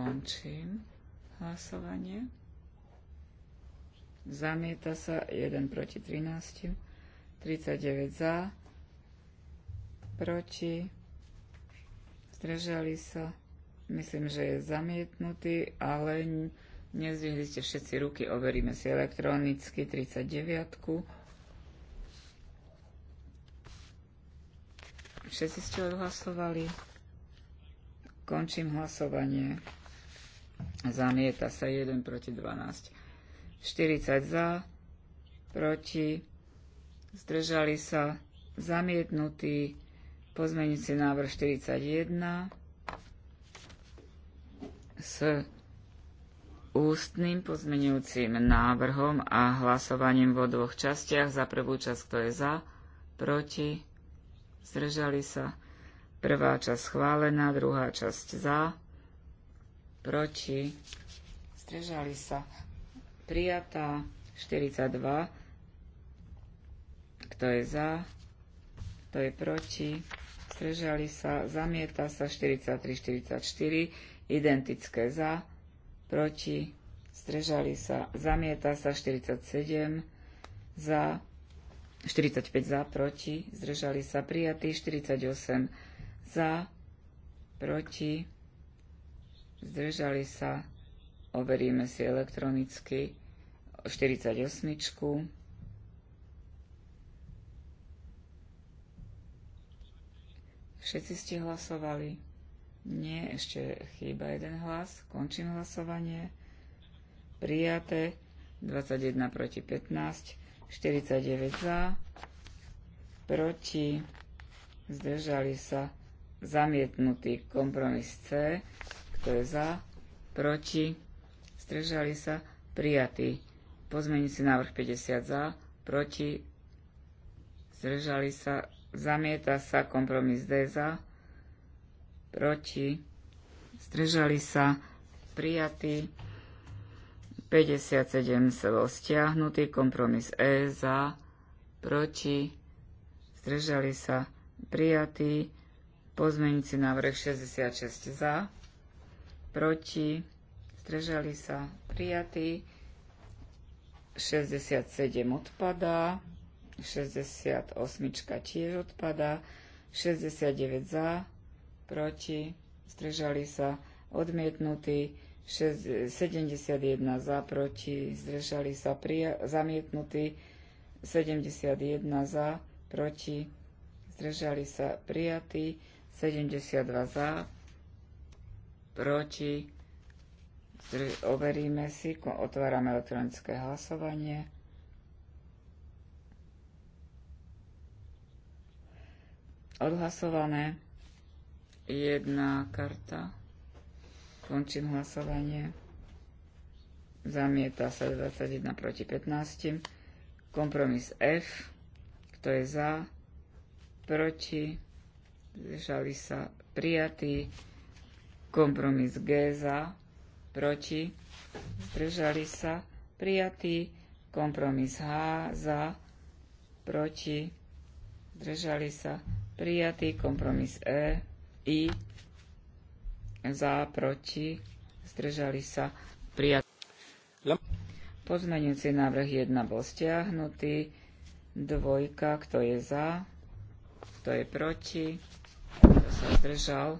Končím hlasovanie. Zamieta sa 1 proti 13. 39 za. Proti. Zdržali sa. Myslím, že je zamietnutý, ale nezvihli ste všetci ruky. Overíme si elektronicky 39. Všetci ste odhlasovali. Končím hlasovanie. Zamieta sa 1 proti 12. 40 za, proti, zdržali sa, zamietnutý, pozmeňujúci návrh 41 s ústnym pozmeňujúcim návrhom a hlasovaním vo dvoch častiach. Za prvú časť, kto je za, proti, zdržali sa. Prvá časť schválená, druhá časť za, proti, zdržali sa, prijatá, 42, kto je za, kto je proti, zdržali sa, zamieta sa, 43, 44, identické za, proti, zdržali sa, zamieta sa, 47, za, 45 za, proti, zdržali sa, prijatí, 48 za, proti, zdržali sa, overíme si elektronicky 48. Všetci ste hlasovali? Nie, ešte chýba jeden hlas. Končím hlasovanie. Prijaté 21 proti 15, 49 za, proti, zdržali sa, zamietnutý kompromis C kto je za? Proti? Zdržali sa? Prijatý. Pozmeňujúci návrh 50 za, proti? Zdržali sa? Zamieta sa kompromis D za, proti? Zdržali sa? Prijatý. 57 sa bol stiahnutý, kompromis E za, proti? Zdržali sa? Prijatý. Pozmeňujúci návrh 66 za proti, zdržali sa prijatí, 67 odpadá, 68 tiež odpadá, 69 za, proti, zdržali sa odmietnutí, 71 za, proti, zdržali sa prija- zamietnutí, 71 za, proti, zdržali sa prijatí, 72 za, proti, overíme si, otvárame elektronické hlasovanie. Odhlasované jedna karta. Končím hlasovanie. Zamieta sa 21 proti 15. Kompromis F. Kto je za? Proti? Zdržali sa prijatí. Kompromis G za, proti, zdržali sa, prijatý. Kompromis H za, proti, zdržali sa, prijatý. Kompromis E, I, za, proti, zdržali sa, prijatý. Pozmenujúci návrh 1 bol stiahnutý. Dvojka, kto je za, kto je proti, kto sa zdržal,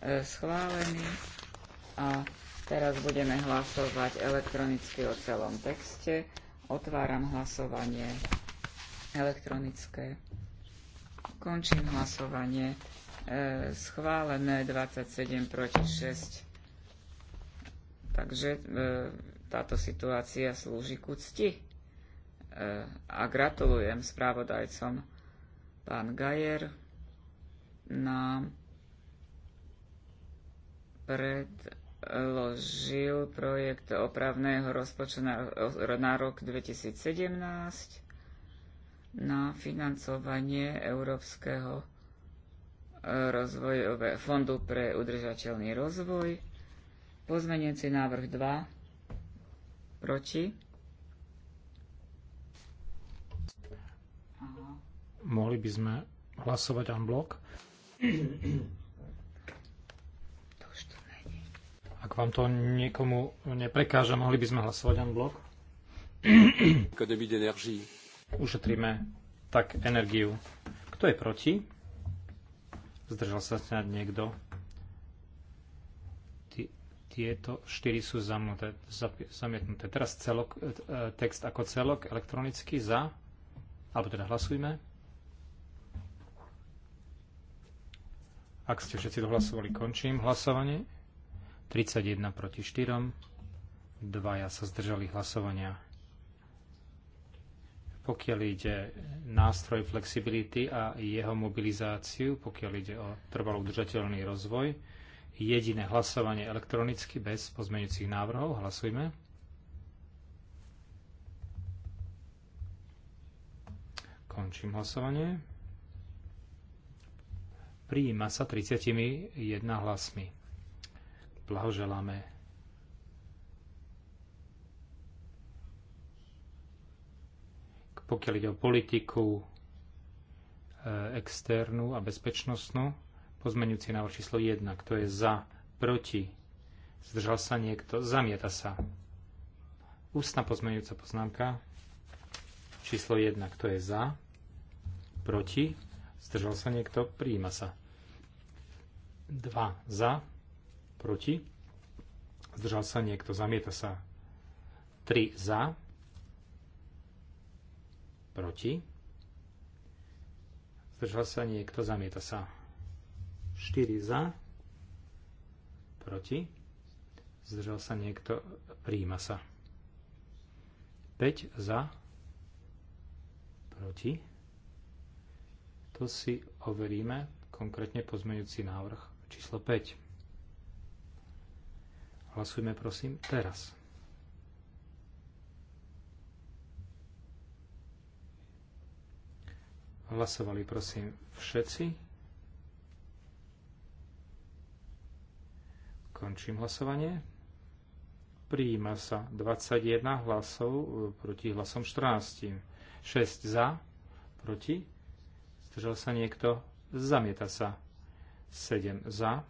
E, schválený. A teraz budeme hlasovať elektronicky o celom texte. Otváram hlasovanie elektronické. Končím hlasovanie. E, schválené 27 proti 6. Takže e, táto situácia slúži ku cti. a gratulujem správodajcom. Pán Gajer nám predložil projekt opravného rozpočtu na, na rok 2017 na financovanie Európskeho e, rozvojové, fondu pre udržateľný rozvoj. Pozmeniaci návrh 2 proti. Mohli by sme hlasovať en blok? Ak vám to niekomu neprekáža, mohli by sme hlasovať en blok. Ušetríme tak energiu. Kto je proti? Zdržal sa snáď niekto? Tieto štyri sú zamnuté, zamietnuté. Teraz celok, e, text ako celok elektronicky za, alebo teda hlasujme. Ak ste všetci dohlasovali, končím hlasovanie. 31 proti 4. Dvaja sa zdržali hlasovania. Pokiaľ ide nástroj flexibility a jeho mobilizáciu, pokiaľ ide o trvalo udržateľný rozvoj, jediné hlasovanie elektronicky bez pozmeňujúcich návrhov. Hlasujme. Končím hlasovanie. Prijíma sa 31 hlasmi blahoželáme. Pokiaľ ide o politiku e, externú a bezpečnostnú, pozmeňujúci návrh číslo 1, kto je za, proti, zdržal sa niekto, zamieta sa. Ústna pozmenujúca poznámka číslo 1, kto je za, proti, zdržal sa niekto, prijíma sa. 2 za, proti, zdržal sa niekto, zamieta sa 3 za, proti, zdržal sa niekto, zamieta sa 4 za, proti, zdržal sa niekto, príjima sa 5 za, proti, to si overíme, konkrétne pozmeňujúci návrh číslo 5. Hlasujme prosím teraz. Hlasovali prosím všetci. Končím hlasovanie. Prijíma sa 21 hlasov e, proti hlasom 14. 6 za, proti. Zdržal sa niekto? Zamieta sa. 7 za,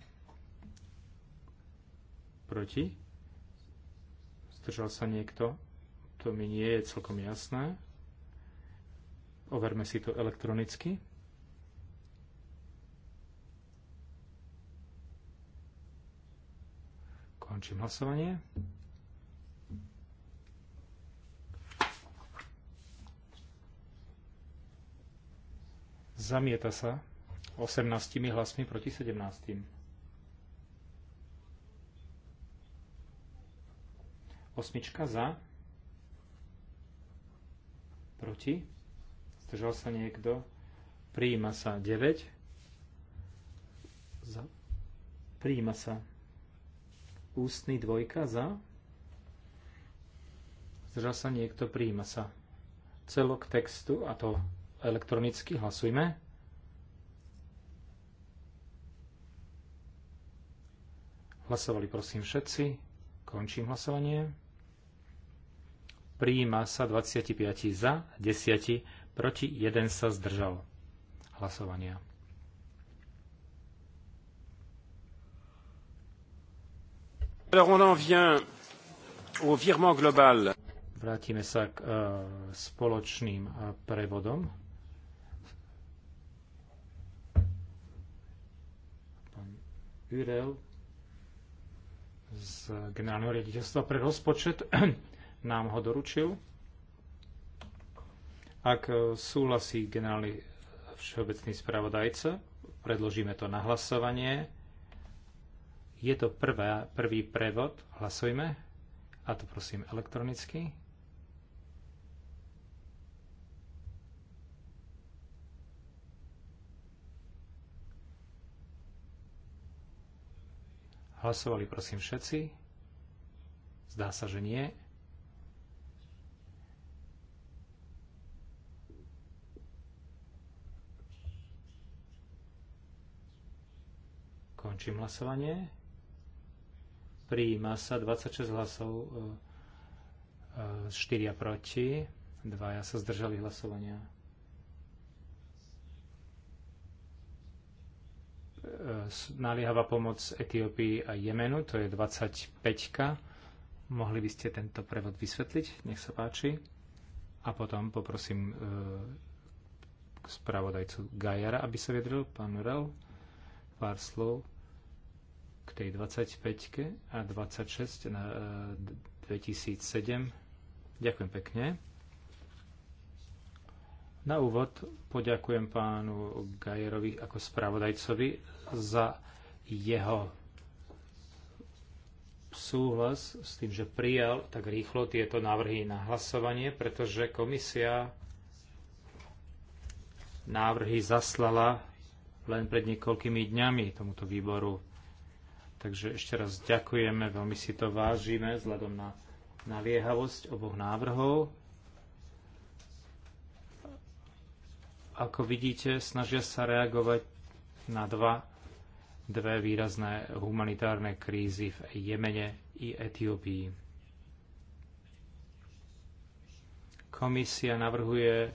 Proti? Zdržal sa niekto? To mi nie je celkom jasné. Overme si to elektronicky. Končím hlasovanie. Zamieta sa 18 hlasmi proti 17. Osmička za. Proti. Zdržal sa niekto. Prijíma sa 9. Za. Prijíma sa. Ústny dvojka za. Zdržal sa niekto. Prijíma sa. Celok textu a to elektronicky hlasujme. Hlasovali prosím všetci. Končím hlasovanie. Prijíma sa 25 za, 10 proti, 1 sa zdržal hlasovania. Alors on en vient au virement global. Vrátime sa k e, spoločným e, prevodom. Pán Urel z generálneho riaditeľstva pre rozpočet nám ho doručil. Ak e, súhlasí generálny všeobecný spravodajca, predložíme to na hlasovanie. Je to prvá, prvý prevod, hlasujme. A to prosím elektronicky. Hlasovali prosím všetci. Zdá sa, že nie. Končím hlasovanie. Prijíma sa 26 hlasov, 4 e, e, proti, 2 sa zdržali hlasovania. E, naliehavá pomoc Etiópii a Jemenu, to je 25. Mohli by ste tento prevod vysvetliť? Nech sa páči. A potom poprosím spravodajcu Gajara, aby sa vedril, pán Rel pár slov k tej 25 a 26 na 2007. E, Ďakujem pekne. Na úvod poďakujem pánu Gajerovi ako spravodajcovi za jeho súhlas s tým, že prijal tak rýchlo tieto návrhy na hlasovanie, pretože komisia návrhy zaslala len pred niekoľkými dňami tomuto výboru. Takže ešte raz ďakujeme, veľmi si to vážime vzhľadom na naliehavosť oboch návrhov. Ako vidíte, snažia sa reagovať na dva, dve výrazné humanitárne krízy v Jemene i Etiópii. Komisia navrhuje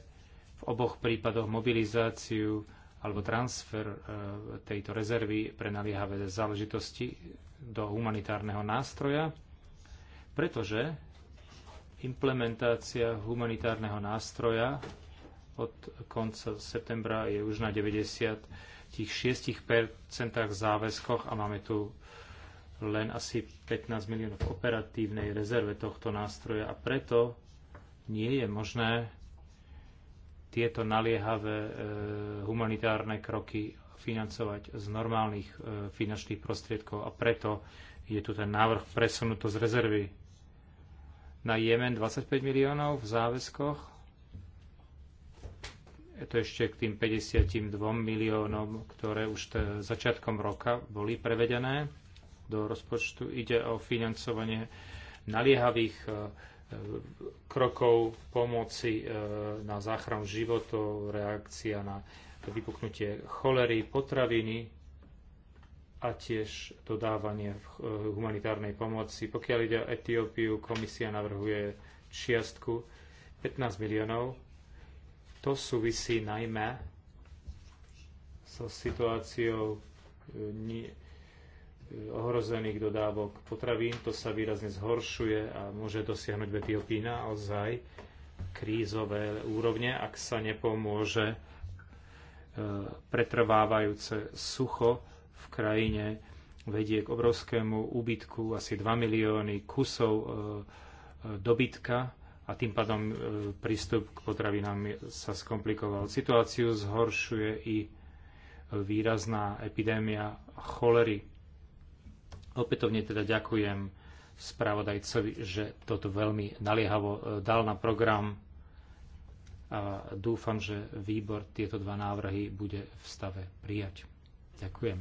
v oboch prípadoch mobilizáciu alebo transfer e, tejto rezervy pre naliehavé záležitosti do humanitárneho nástroja, pretože implementácia humanitárneho nástroja od konca septembra je už na 96% záväzkoch a máme tu len asi 15 miliónov operatívnej rezerve tohto nástroja a preto nie je možné tieto naliehavé e, humanitárne kroky financovať z normálnych e, finančných prostriedkov a preto je tu ten návrh presunúť z rezervy na Jemen 25 miliónov v záväzkoch. Je to ešte k tým 52 miliónom, ktoré už začiatkom roka boli prevedené do rozpočtu. Ide o financovanie naliehavých e, krokov pomoci e, na záchranu životov, reakcia na vypuknutie cholery, potraviny a tiež dodávanie e, humanitárnej pomoci. Pokiaľ ide o Etiópiu, komisia navrhuje čiastku 15 miliónov. To súvisí najmä so situáciou e, ohrozených dodávok potravín. To sa výrazne zhoršuje a môže dosiahnuť v Etiópii naozaj krízové úrovne, ak sa nepomôže e, pretrvávajúce sucho v krajine vedie k obrovskému úbytku asi 2 milióny kusov e, e, dobytka a tým pádom prístup k potravinám sa skomplikoval. Situáciu zhoršuje i výrazná epidémia cholery Opätovne teda ďakujem spravodajcovi, že toto veľmi naliehavo e, dal na program a dúfam, že výbor tieto dva návrhy bude v stave prijať. Ďakujem.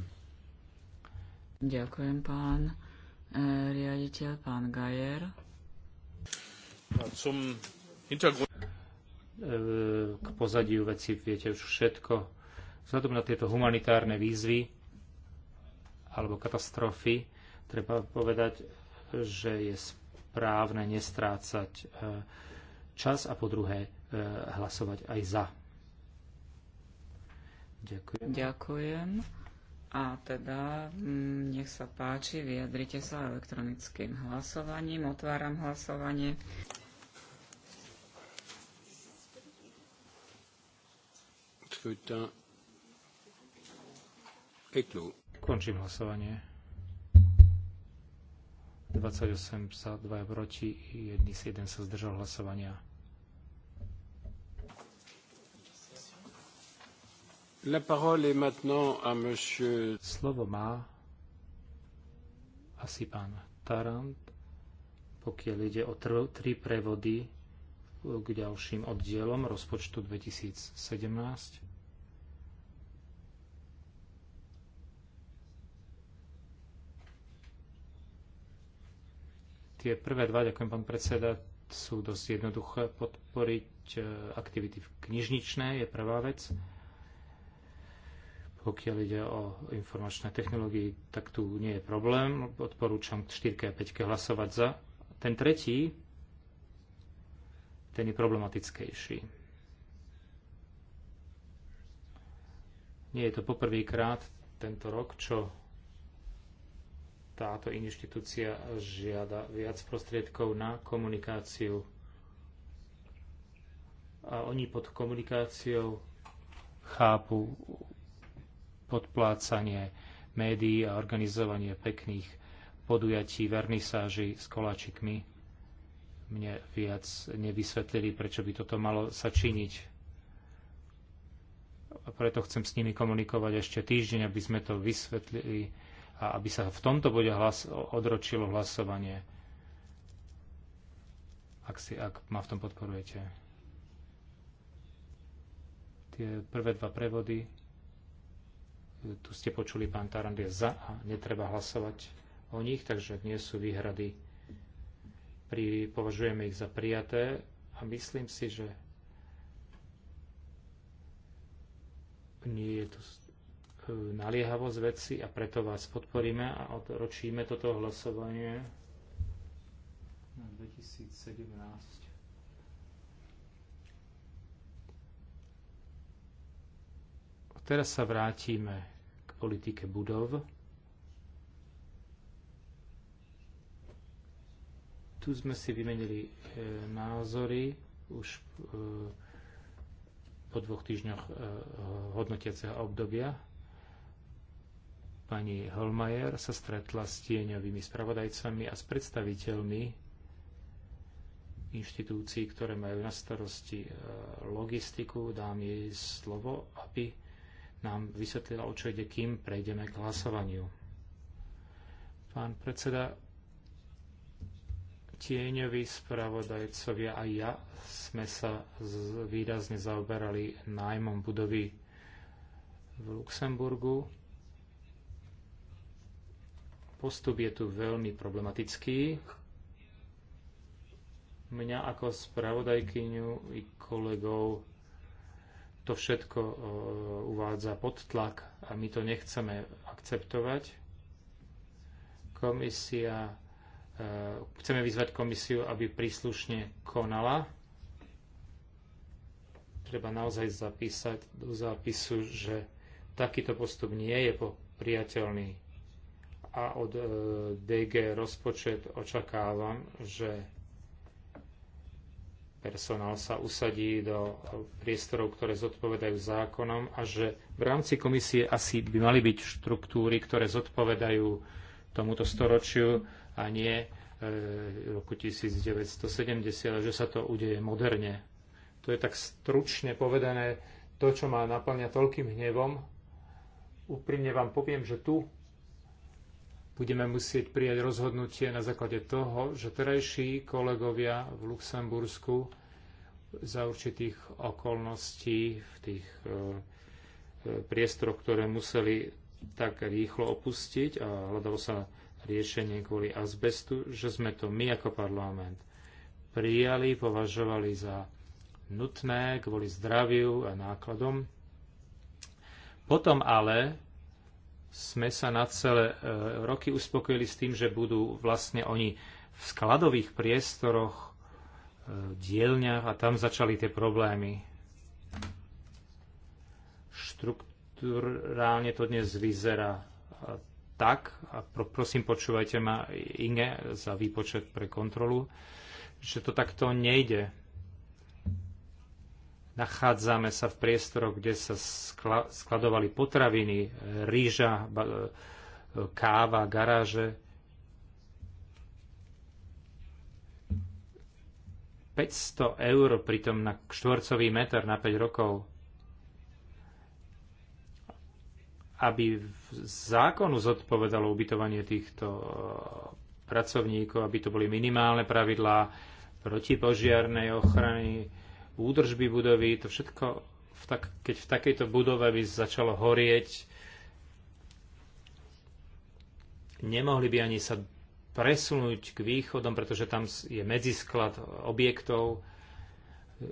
Ďakujem, pán e, riaditeľ, pán Gajer. E, k pozadiu veci viete už všetko. Vzhľadom na tieto humanitárne výzvy alebo katastrofy, Treba povedať, že je správne nestrácať e, čas a po druhé e, hlasovať aj za. Ďakujem. Ďakujem. A teda mm, nech sa páči, vyjadrite sa elektronickým hlasovaním. Otváram hlasovanie. Končím hlasovanie. 28 sa, 2 proti, 1, 1 sa zdržal hlasovania. La parole est maintenant à monsieur... Slovo má asi pán Tarant, pokiaľ ide o tr- tri prevody k ďalším oddielom rozpočtu 2017. Tie prvé dva, ďakujem pán predseda, sú dosť jednoduché. Podporiť e, aktivity v knižničné je prvá vec. Pokiaľ ide o informačné technológie, tak tu nie je problém. Odporúčam 4 a 5 hlasovať za. Ten tretí, ten je problematickejší. Nie je to poprvýkrát tento rok, čo táto inštitúcia žiada viac prostriedkov na komunikáciu. A oni pod komunikáciou chápu podplácanie médií a organizovanie pekných podujatí, vernisáži s koláčikmi. Mne viac nevysvetlili, prečo by toto malo sa činiť. A preto chcem s nimi komunikovať ešte týždeň, aby sme to vysvetlili a aby sa v tomto bode hlas, odročilo hlasovanie. Ak, si, ak ma v tom podporujete. Tie prvé dva prevody, tu ste počuli, pán Tarand je za a netreba hlasovať o nich, takže nie sú výhrady. Pri, považujeme ich za prijaté a myslím si, že nie je tu naliehavosť veci a preto vás podporíme a odročíme toto hlasovanie na 2017. Teraz sa vrátime k politike budov. Tu sme si vymenili e, názory už e, po dvoch týždňoch e, hodnotiaceho obdobia. Pani Holmajer sa stretla s tieňovými spravodajcami a s predstaviteľmi inštitúcií, ktoré majú na starosti e, logistiku. Dám jej slovo, aby nám vysvetlila, o čo ide, kým prejdeme k hlasovaniu. Pán predseda, tieňoví spravodajcovia a ja sme sa výrazne zaoberali nájmom budovy v Luxemburgu Postup je tu veľmi problematický. Mňa ako spravodajkyňu i kolegov to všetko e, uvádza pod tlak a my to nechceme akceptovať. Komisia, e, chceme vyzvať komisiu, aby príslušne konala. Treba naozaj zapísať do zápisu, že takýto postup nie je priateľný a od e, DG rozpočet očakávam, že personál sa usadí do priestorov, ktoré zodpovedajú zákonom a že v rámci komisie asi by mali byť štruktúry, ktoré zodpovedajú tomuto storočiu a nie e, roku 1970, že sa to udeje moderne. To je tak stručne povedané to, čo ma naplňa toľkým hnevom. Úprimne vám poviem, že tu budeme musieť prijať rozhodnutie na základe toho, že terajší kolegovia v Luxembursku za určitých okolností v tých e, e, priestoroch, ktoré museli tak rýchlo opustiť a hľadalo sa riešenie kvôli azbestu, že sme to my ako parlament prijali, považovali za nutné kvôli zdraviu a nákladom. Potom ale sme sa na celé e, roky uspokojili s tým, že budú vlastne oni v skladových priestoroch, e, dielňach a tam začali tie problémy. Štruktúrálne to dnes vyzerá e, tak, a prosím počúvajte ma Inge za výpočet pre kontrolu, že to takto nejde Nachádzame sa v priestoroch, kde sa skla- skladovali potraviny, e, rýža, e, káva, garáže. 500 eur pritom na štvorcový meter na 5 rokov. Aby zákonu zodpovedalo ubytovanie týchto e, pracovníkov, aby to boli minimálne pravidlá protipožiarnej ochrany, údržby budovy, to všetko, v tak, keď v takejto budove by začalo horieť, nemohli by ani sa presunúť k východom, pretože tam je medzisklad objektov.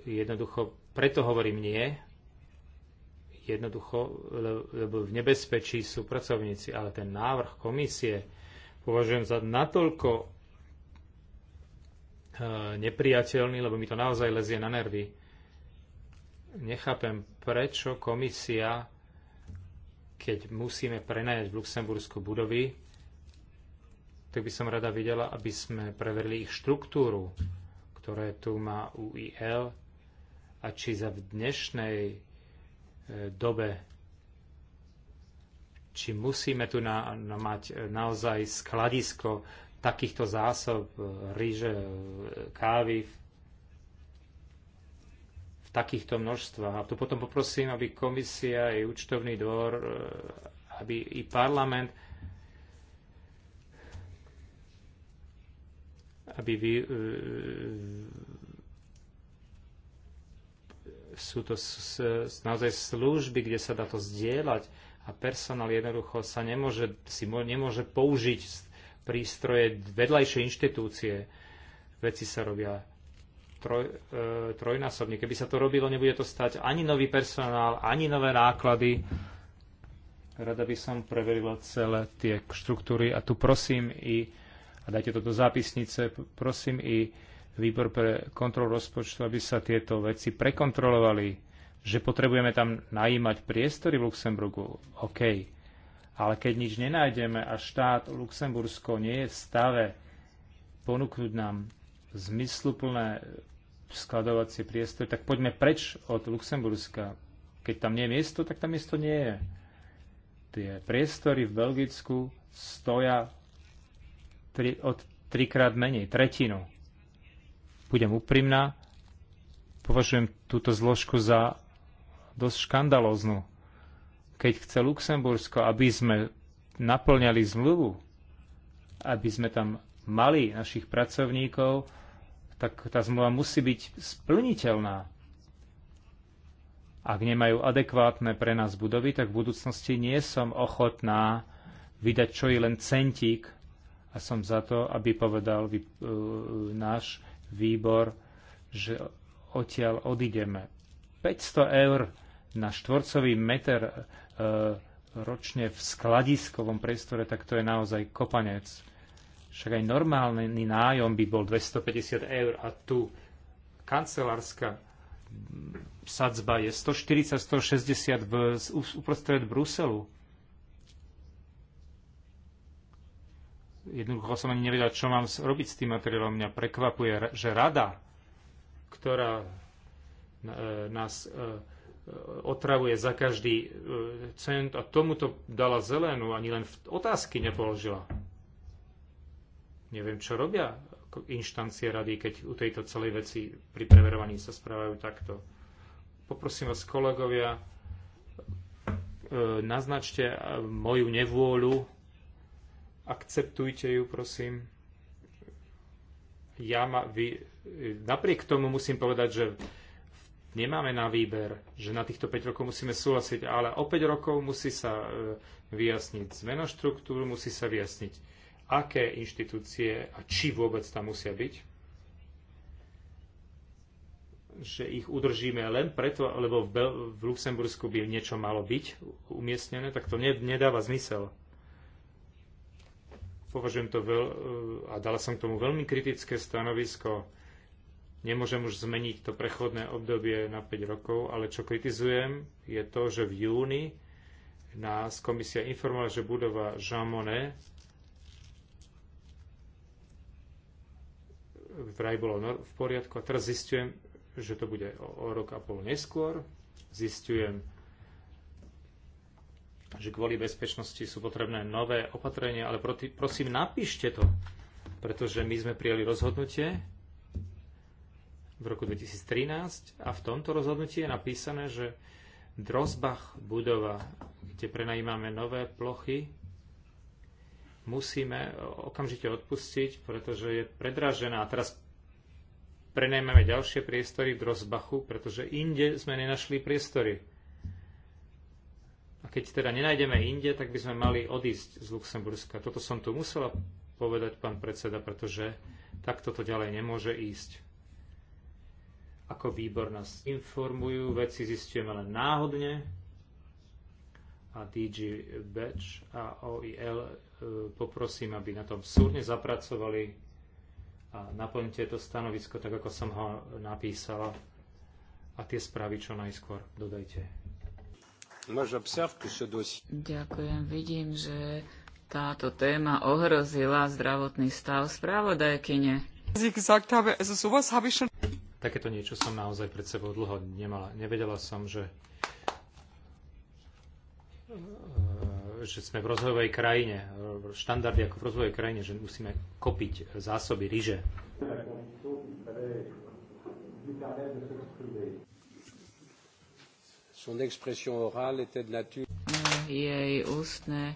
Jednoducho, preto hovorím nie. Jednoducho, lebo v nebezpečí sú pracovníci. Ale ten návrh komisie považujem za natoľko E, nepriateľný, lebo mi to naozaj lezie na nervy. Nechápem, prečo komisia, keď musíme prenajať v Luxembursku budovy, tak by som rada videla, aby sme preverili ich štruktúru, ktoré tu má UIL a či za v dnešnej e, dobe či musíme tu na, na mať naozaj skladisko takýchto zásob e, ríže, e, kávy v takýchto množstvách. A tu potom poprosím, aby komisia, aj účtovný dvor, e, aby i parlament aby vy, sú to naozaj služby, kde sa dá to zdieľať a personál jednoducho sa nemôže, si nemôže použiť prístroje, vedľajšie inštitúcie. Veci sa robia troj, e, trojnásobne. Keby sa to robilo, nebude to stať ani nový personál, ani nové náklady. Rada by som preverila celé tie štruktúry a tu prosím i, a dajte to do zápisnice, prosím i výbor pre kontrol rozpočtu, aby sa tieto veci prekontrolovali, že potrebujeme tam najímať priestory v Luxemburgu. OK ale keď nič nenájdeme a štát Luxembursko nie je v stave ponúknuť nám zmysluplné skladovacie priestory, tak poďme preč od Luxemburska. Keď tam nie je miesto, tak tam miesto nie je. Tie priestory v Belgicku stoja tri, od trikrát menej, tretinu. Budem úprimná, považujem túto zložku za dosť škandalóznu. Keď chce Luxembursko, aby sme naplňali zmluvu, aby sme tam mali našich pracovníkov, tak tá zmluva musí byť splniteľná. Ak nemajú adekvátne pre nás budovy, tak v budúcnosti nie som ochotná vydať čo i len centík a som za to, aby povedal vy, uh, náš výbor, že odtiaľ odideme. 500 eur na štvorcový meter E, ročne v skladiskovom priestore, tak to je naozaj kopanec. Však aj normálny nájom by bol 250 eur a tu kancelárska sadzba je 140-160 uprostred Bruselu. Jednoducho som ani nevedel, čo mám robiť s tým materiálom. Mňa prekvapuje, že rada, ktorá e, nás e, otravuje za každý e, cent a tomuto dala zelenú, ani len otázky nepoložila. Neviem, čo robia inštancie rady, keď u tejto celej veci pri preverovaní sa správajú takto. Poprosím vás, kolegovia, e, naznačte e, moju nevôľu, akceptujte ju, prosím. Ja ma, vy, napriek tomu musím povedať, že nemáme na výber, že na týchto 5 rokov musíme súhlasiť, ale o 5 rokov musí sa e, vyjasniť zmena štruktúr, musí sa vyjasniť, aké inštitúcie a či vôbec tam musia byť. Že ich udržíme len preto, lebo v, Bel- v Luxembursku by niečo malo byť umiestnené, tak to nedáva zmysel. Považujem to veľ- e, a dala som k tomu veľmi kritické stanovisko Nemôžem už zmeniť to prechodné obdobie na 5 rokov, ale čo kritizujem je to, že v júni nás komisia informovala, že budova Jean Monnet vraj bolo v poriadku a teraz zistujem, že to bude o, o rok a pol neskôr. Zistujem, že kvôli bezpečnosti sú potrebné nové opatrenia, ale proti, prosím, napíšte to, pretože my sme prijali rozhodnutie, v roku 2013 a v tomto rozhodnutí je napísané, že Drozbach budova, kde prenajímame nové plochy, musíme okamžite odpustiť, pretože je predražená. A teraz prenajímame ďalšie priestory v Drozbachu, pretože inde sme nenašli priestory. A keď teda nenájdeme inde, tak by sme mali odísť z Luxemburska. Toto som tu musela povedať, pán predseda, pretože takto to ďalej nemôže ísť ako výbor nás informujú, veci zistujeme len náhodne a DG Batch a OIL e, poprosím, aby na tom súrne zapracovali a naplňte to stanovisko tak, ako som ho napísala a tie správy čo najskôr dodajte. Ďakujem, vidím, že táto téma ohrozila zdravotný stav spravodajkyne. Takéto niečo som naozaj pred sebou dlho nemala. Nevedela som, že, e, že sme v rozvojovej krajine, e, štandardy ako v rozvojovej krajine, že musíme kopiť zásoby ryže. Jej ústne e,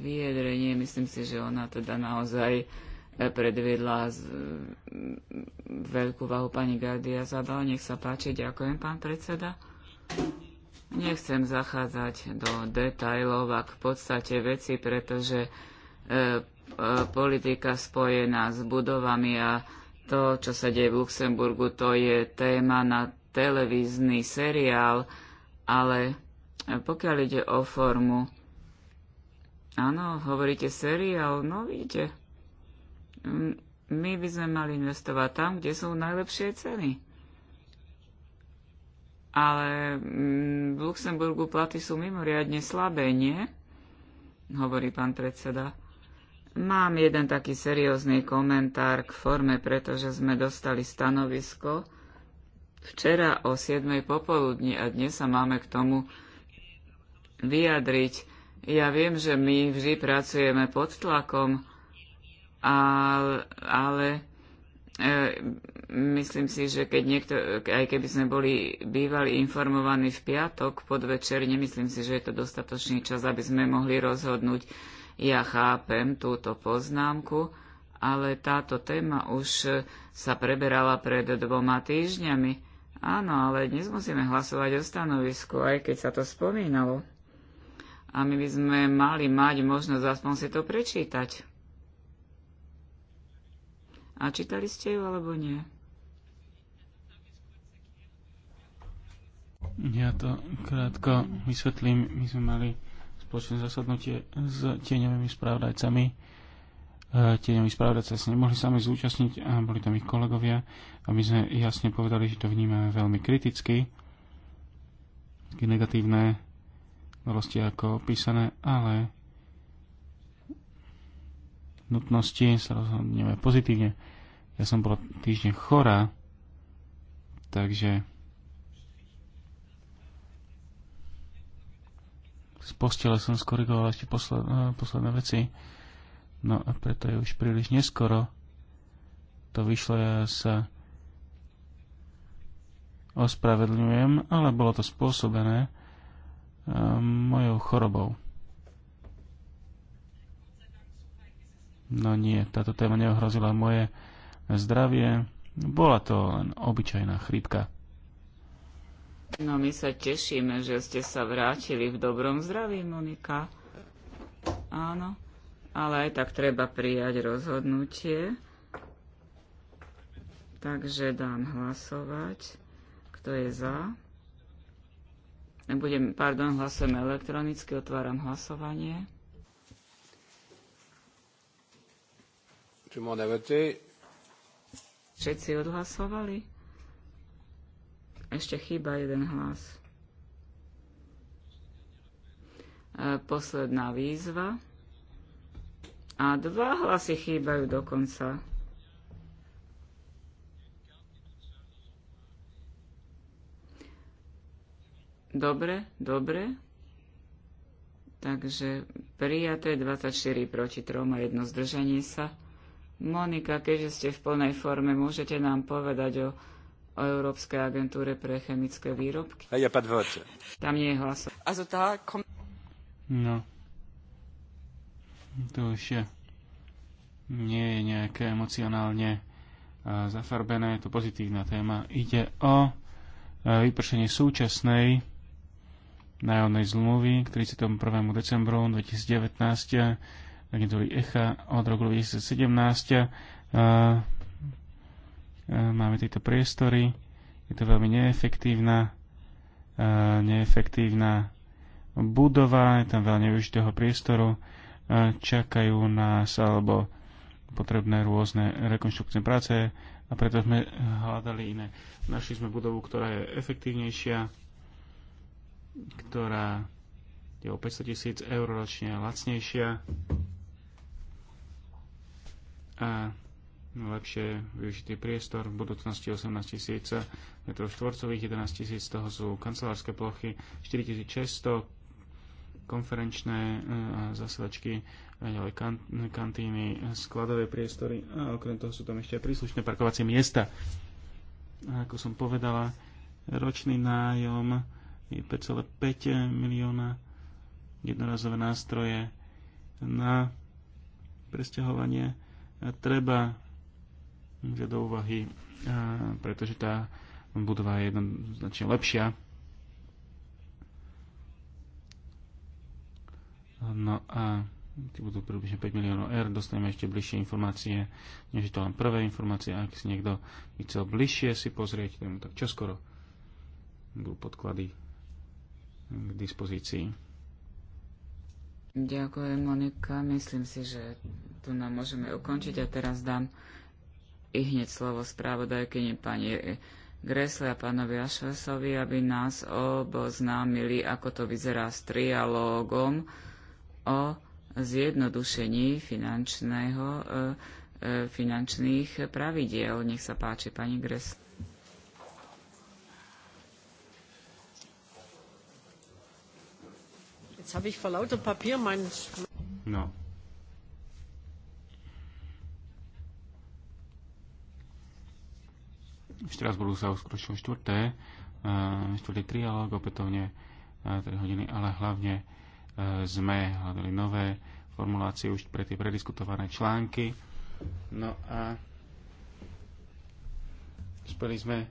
vyjadrenie, myslím si, že ona teda naozaj predviedla veľkú váhu pani Gardia Zabal. Nech sa páči, ďakujem, pán predseda. Nechcem zachádzať do detajlov a k podstate veci, pretože e, e, politika spojená s budovami a to, čo sa deje v Luxemburgu, to je téma na televízny seriál, ale pokiaľ ide o formu, áno, hovoríte seriál, no vidíte, my by sme mali investovať tam, kde sú najlepšie ceny. Ale v Luxemburgu platy sú mimoriadne slabé, nie? Hovorí pán predseda. Mám jeden taký seriózny komentár k forme, pretože sme dostali stanovisko včera o 7. popoludni a dnes sa máme k tomu vyjadriť. Ja viem, že my vždy pracujeme pod tlakom, ale, ale e, myslím si, že keď niekto, aj keby sme boli bývali informovaní v piatok podvečer, nemyslím si, že je to dostatočný čas, aby sme mohli rozhodnúť. Ja chápem túto poznámku, ale táto téma už sa preberala pred dvoma týždňami. Áno, ale dnes musíme hlasovať o stanovisku, aj keď sa to spomínalo. A my by sme mali mať možnosť aspoň si to prečítať. A čítali ste ju alebo nie? Ja to krátko vysvetlím. My sme mali spoločné zasadnutie s tieňovými správdajcami. E, tieňoví správdajca sa nemohli sami zúčastniť a boli tam ich kolegovia a my sme jasne povedali, že to vnímame veľmi kriticky. Také negatívne udalosti ako opísané, ale nutnosti sa rozhodneme pozitívne. Ja som bola týždeň chorá, takže z postele som skorigoval ešte posledné, eh, posledné veci. No a preto je už príliš neskoro. To vyšlo, ja sa ospravedlňujem, ale bolo to spôsobené ehm, mojou chorobou. No nie, táto téma neohrozila moje zdravie. Bola to len obyčajná chrípka. No my sa tešíme, že ste sa vrátili v dobrom zdraví, Monika. Áno, ale aj tak treba prijať rozhodnutie. Takže dám hlasovať. Kto je za? Nebudem, pardon, hlasujem elektronicky, otváram hlasovanie. Tout le monde a voté. Všetci odhlasovali? Ešte chýba jeden hlas. E, posledná výzva. A dva hlasy chýbajú dokonca. Dobre, dobre. Takže prijaté 24 proti 3 a jedno zdržanie sa. Monika, keďže ste v plnej forme, môžete nám povedať o, o Európskej agentúre pre chemické výrobky? A ja podvodte. Tam nie je hlas. No. To už je. nie je nejaké emocionálne e, zafarbené, je to pozitívna téma. Ide o e, vypršenie súčasnej nájomnej zmluvy k 31. decembru 2019 agentúry ECHA od roku 2017. E, e, máme tieto priestory. Je to veľmi neefektívna, e, neefektívna budova, je tam veľa nevyužitého priestoru. Čakajú nás alebo potrebné rôzne rekonštrukčné práce a preto sme hľadali iné. Našli sme budovu, ktorá je efektívnejšia, ktorá je o 500 tisíc eur ročne lacnejšia a lepšie využitý priestor, v budúcnosti 18 tisíc m štvorcových, 11 tisíc toho sú kancelárske plochy, 4600 konferenčné eh, zasedačky, ďalej kan- kantíny, skladové priestory a okrem toho sú tam ešte aj príslušné parkovacie miesta. A ako som povedala, ročný nájom je 5,5 milióna jednorazové nástroje na presťahovanie treba že do úvahy, pretože tá budova je jednoznačne lepšia. No a tí budú približne 5 miliónov eur, dostaneme ešte bližšie informácie, než je to len prvé informácie, ak si niekto by chcel bližšie si pozrieť, tak čoskoro budú podklady k dispozícii. Ďakujem, Monika. Myslím si, že tu nám môžeme ukončiť a teraz dám i hneď slovo správodajkyni pani Gresle a pánovi Ašvesovi, aby nás oboznámili, ako to vyzerá s trialógom o zjednodušení finančného, e, e, finančných pravidiel. Nech sa páči, pani Gresle. Jetzt habe ich vor lauter Papier meinen. No. V Štrasburgu sa uskutočnil štvrté, eh, štvrtý trialóg, opätovne eh, tri hodiny, ale hlavne eh, sme hľadali nové formulácie už pre tie prediskutované články. No a speli sme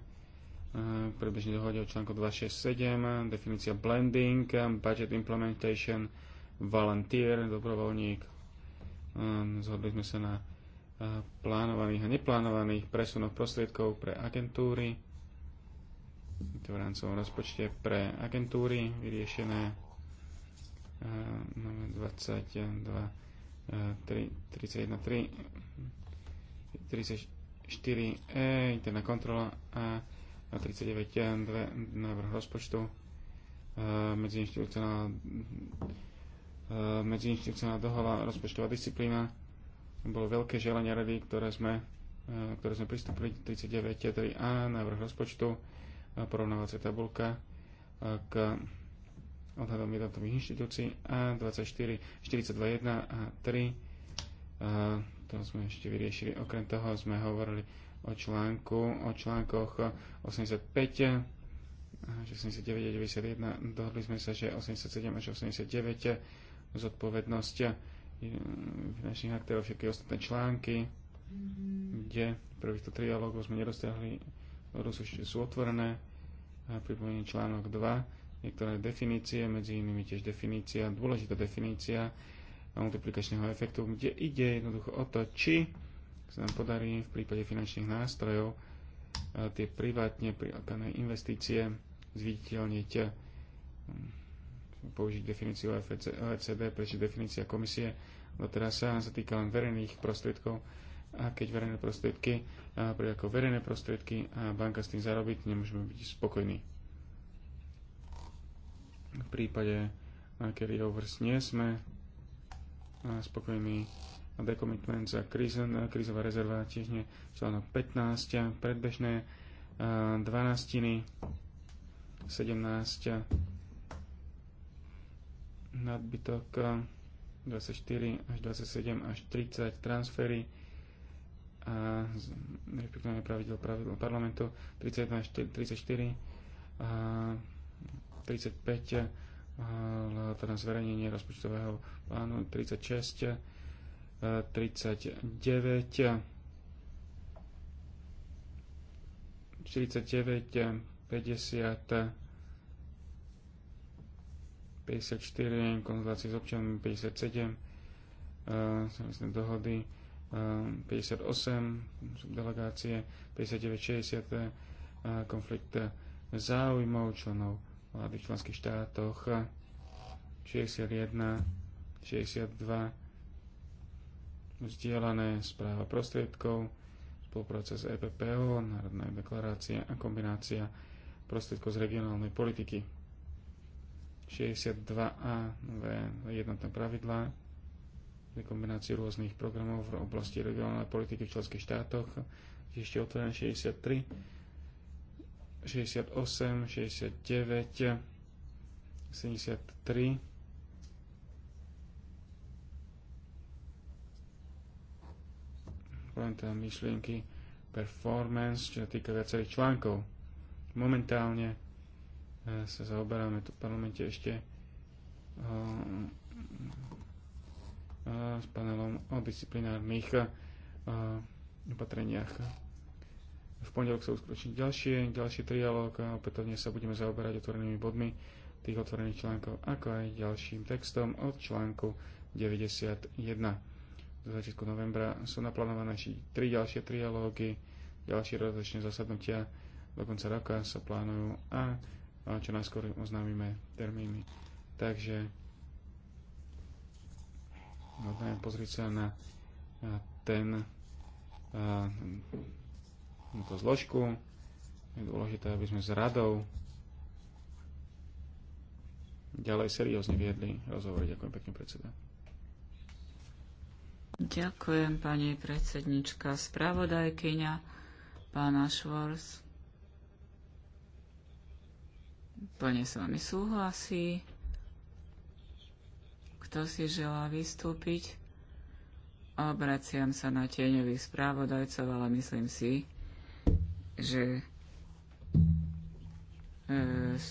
približne dohode o článku 267, definícia blending, budget implementation, volunteer, dobrovoľník. Hm, zhodli sme sa na eh, plánovaných a neplánovaných presunoch prostriedkov pre agentúry. To v rámcovom rozpočte pre agentúry vyriešené eh, Máme 22, 3, 31, 3, 34E, interná kontrola a na 39 eh, dve, návrh rozpočtu eh, medziinstitucionálna eh, medziinstitucionálna rozpočtová disciplína bolo veľké želenie rady, ktoré sme, ktoré sme pristúpili 39 3a návrh rozpočtu porovnávacia tabulka k odhadom jednotlivých inštitúcií a 24, a 3 a to sme ešte vyriešili. Okrem toho sme hovorili o, článku, o článkoch 85, 69 91. Dohodli sme sa, že 87 až 89 zodpovednosť finančných aktérov, všetky ostatné články, kde prvých to trialógov sme nedostahli, sú, sú otvorené. pripomínam článok 2, niektoré definície, medzi inými tiež definícia, dôležitá definícia multiplikačného efektu, kde ide jednoducho o to, či sa nám podarí v prípade finančných nástrojov e, tie privátne prilákané investície zviditeľniť e, použiť definíciu OECD, prečo definícia komisie, lebo teraz sa týka len verejných prostriedkov a keď verejné prostriedky, e, pre ako verejné prostriedky a banka s tým zarobiť, nemôžeme byť spokojní. V prípade carryovers nie sme spokojní dekomitment za eh, krízová rezerva, tiež nie článok 15, eh, predbežné 12, eh, 17, nadbytok 24 až 27 až 30 transfery a rešpektovanie pravidel, pravidel parlamentu 31 až 34 a 35 a, teda zverejnenie rozpočtového plánu 36 39, 49, 50, 54, konzultácie s občanmi 57, uh, dohody uh, 58, delegácie 59, 60, uh, konflikt záujmov členov vlády v členských štátoch 61, 62, vzdielané správa prostriedkov, spolupráca s EPPO, Národná deklarácia a kombinácia prostriedkov z regionálnej politiky. 62a nové jednotné pravidlá pri kombináciu rôznych programov v oblasti regionálnej politiky v členských štátoch, ešte otvorené 63, 68, 69, 73, len tam teda myšlienky performance, čo týka viacerých článkov. Momentálne e, sa zaoberáme tu v parlamente ešte e, s panelom o disciplinárnych e, opatreniach. V pondelok sa uskročí ďalšie, ďalší trialóg a opätovne sa budeme zaoberať otvorenými bodmi tých otvorených článkov, ako aj ďalším textom od článku 91 do začiatku novembra sú naplánované ešte tri ďalšie trialógy, ďalšie rozličné zasadnutia do konca roka sa plánujú a, čo najskôr oznámime termíny. Takže hodné pozrieť sa na, ten na tú zložku. Je dôležité, aby sme s radou ďalej seriózne viedli rozhovor. Ďakujem pekne, predseda. Ďakujem, pani predsednička, spravodajkyňa, pána Švors. Plne s vami súhlasí. Kto si želá vystúpiť? Obraciam sa na tieňových správodajcov, ale myslím si, že e,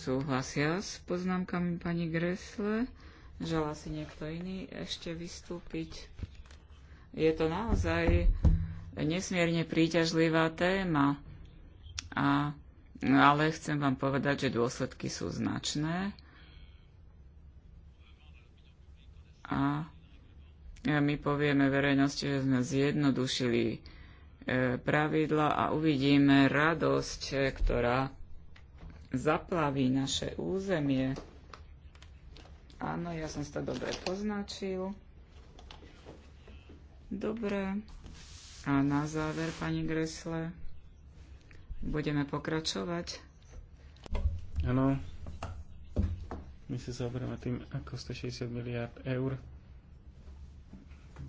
súhlasia s poznámkami pani Gresle. Želá si niekto iný ešte vystúpiť? Je to naozaj nesmierne príťažlivá téma. A, ale chcem vám povedať, že dôsledky sú značné. A my povieme verejnosti, že sme zjednodušili e, pravidla a uvidíme radosť, ktorá zaplaví naše územie. Áno, ja som si to dobre poznačil. Dobre. A na záver, pani Gresle, budeme pokračovať. Áno. My sa zaoberáme tým, ako 160 miliard eur.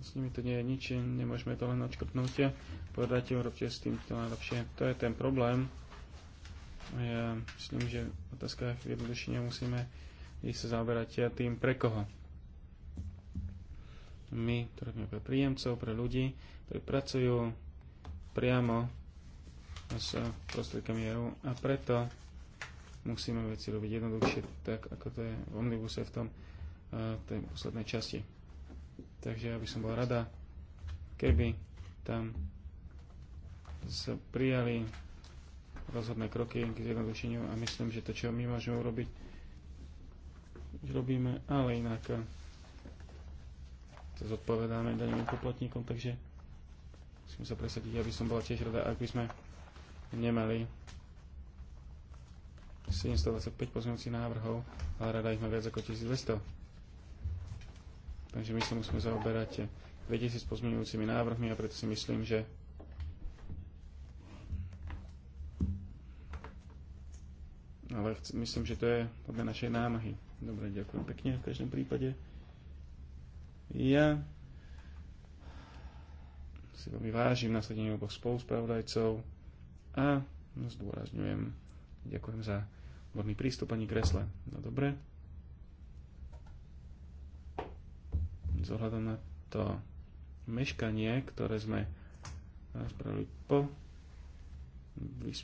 S nimi to nie je nič, nemôžeme to len odškrtnúť. Povedať, urobte s tým to najlepšie. To je ten problém. A ja myslím, že otázka je jednoduchšie nemusíme ísť sa zaoberať tým pre koho my to robíme pre príjemcov, pre ľudí, ktorí pracujú priamo s prostriedkami EU a preto musíme veci robiť jednoduchšie, tak ako to je v Omnibuse v tom eh, tej poslednej časti. Takže ja by som bol rada, keby tam sa prijali rozhodné kroky k zjednodušeniu a myslím, že to, čo my môžeme urobiť, robíme, ale inak eh, to zodpovedáme daňovým poplatníkom, takže musím sa presadiť, aby som bola tiež rada, ak by sme nemali 725 pozmeňujúcich návrhov, ale rada ich má viac ako 1200. Takže my sa musíme zaoberať 2000 pozmeňujúcimi návrhmi a preto si myslím, že ale myslím, že to je podľa našej námahy. Dobre, ďakujem pekne v každom prípade. Ja si veľmi vážim nasledenie oboch spoluspravodajcov a zdôrazňujem, ďakujem za vodný prístup pani Kresle. No dobre. Zohľadom na to meškanie, ktoré sme spravili po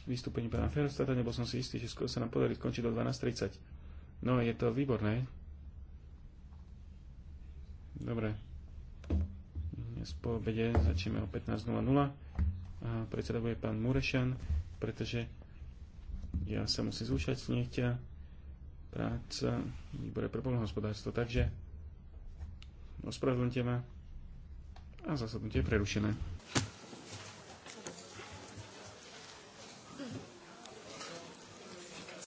vystúpení pána Ferostata, nebol som si istý, že skôr sa nám podarí skončiť do 12.30. No je to výborné, Dobre. Dnes po obede začneme o 15.00 a predseda bude pán Murešan, pretože ja sa musím zúčastniť práca výbore pre polnohospodárstvo, takže ospravedlňte ma a zasadnutie je prerušené.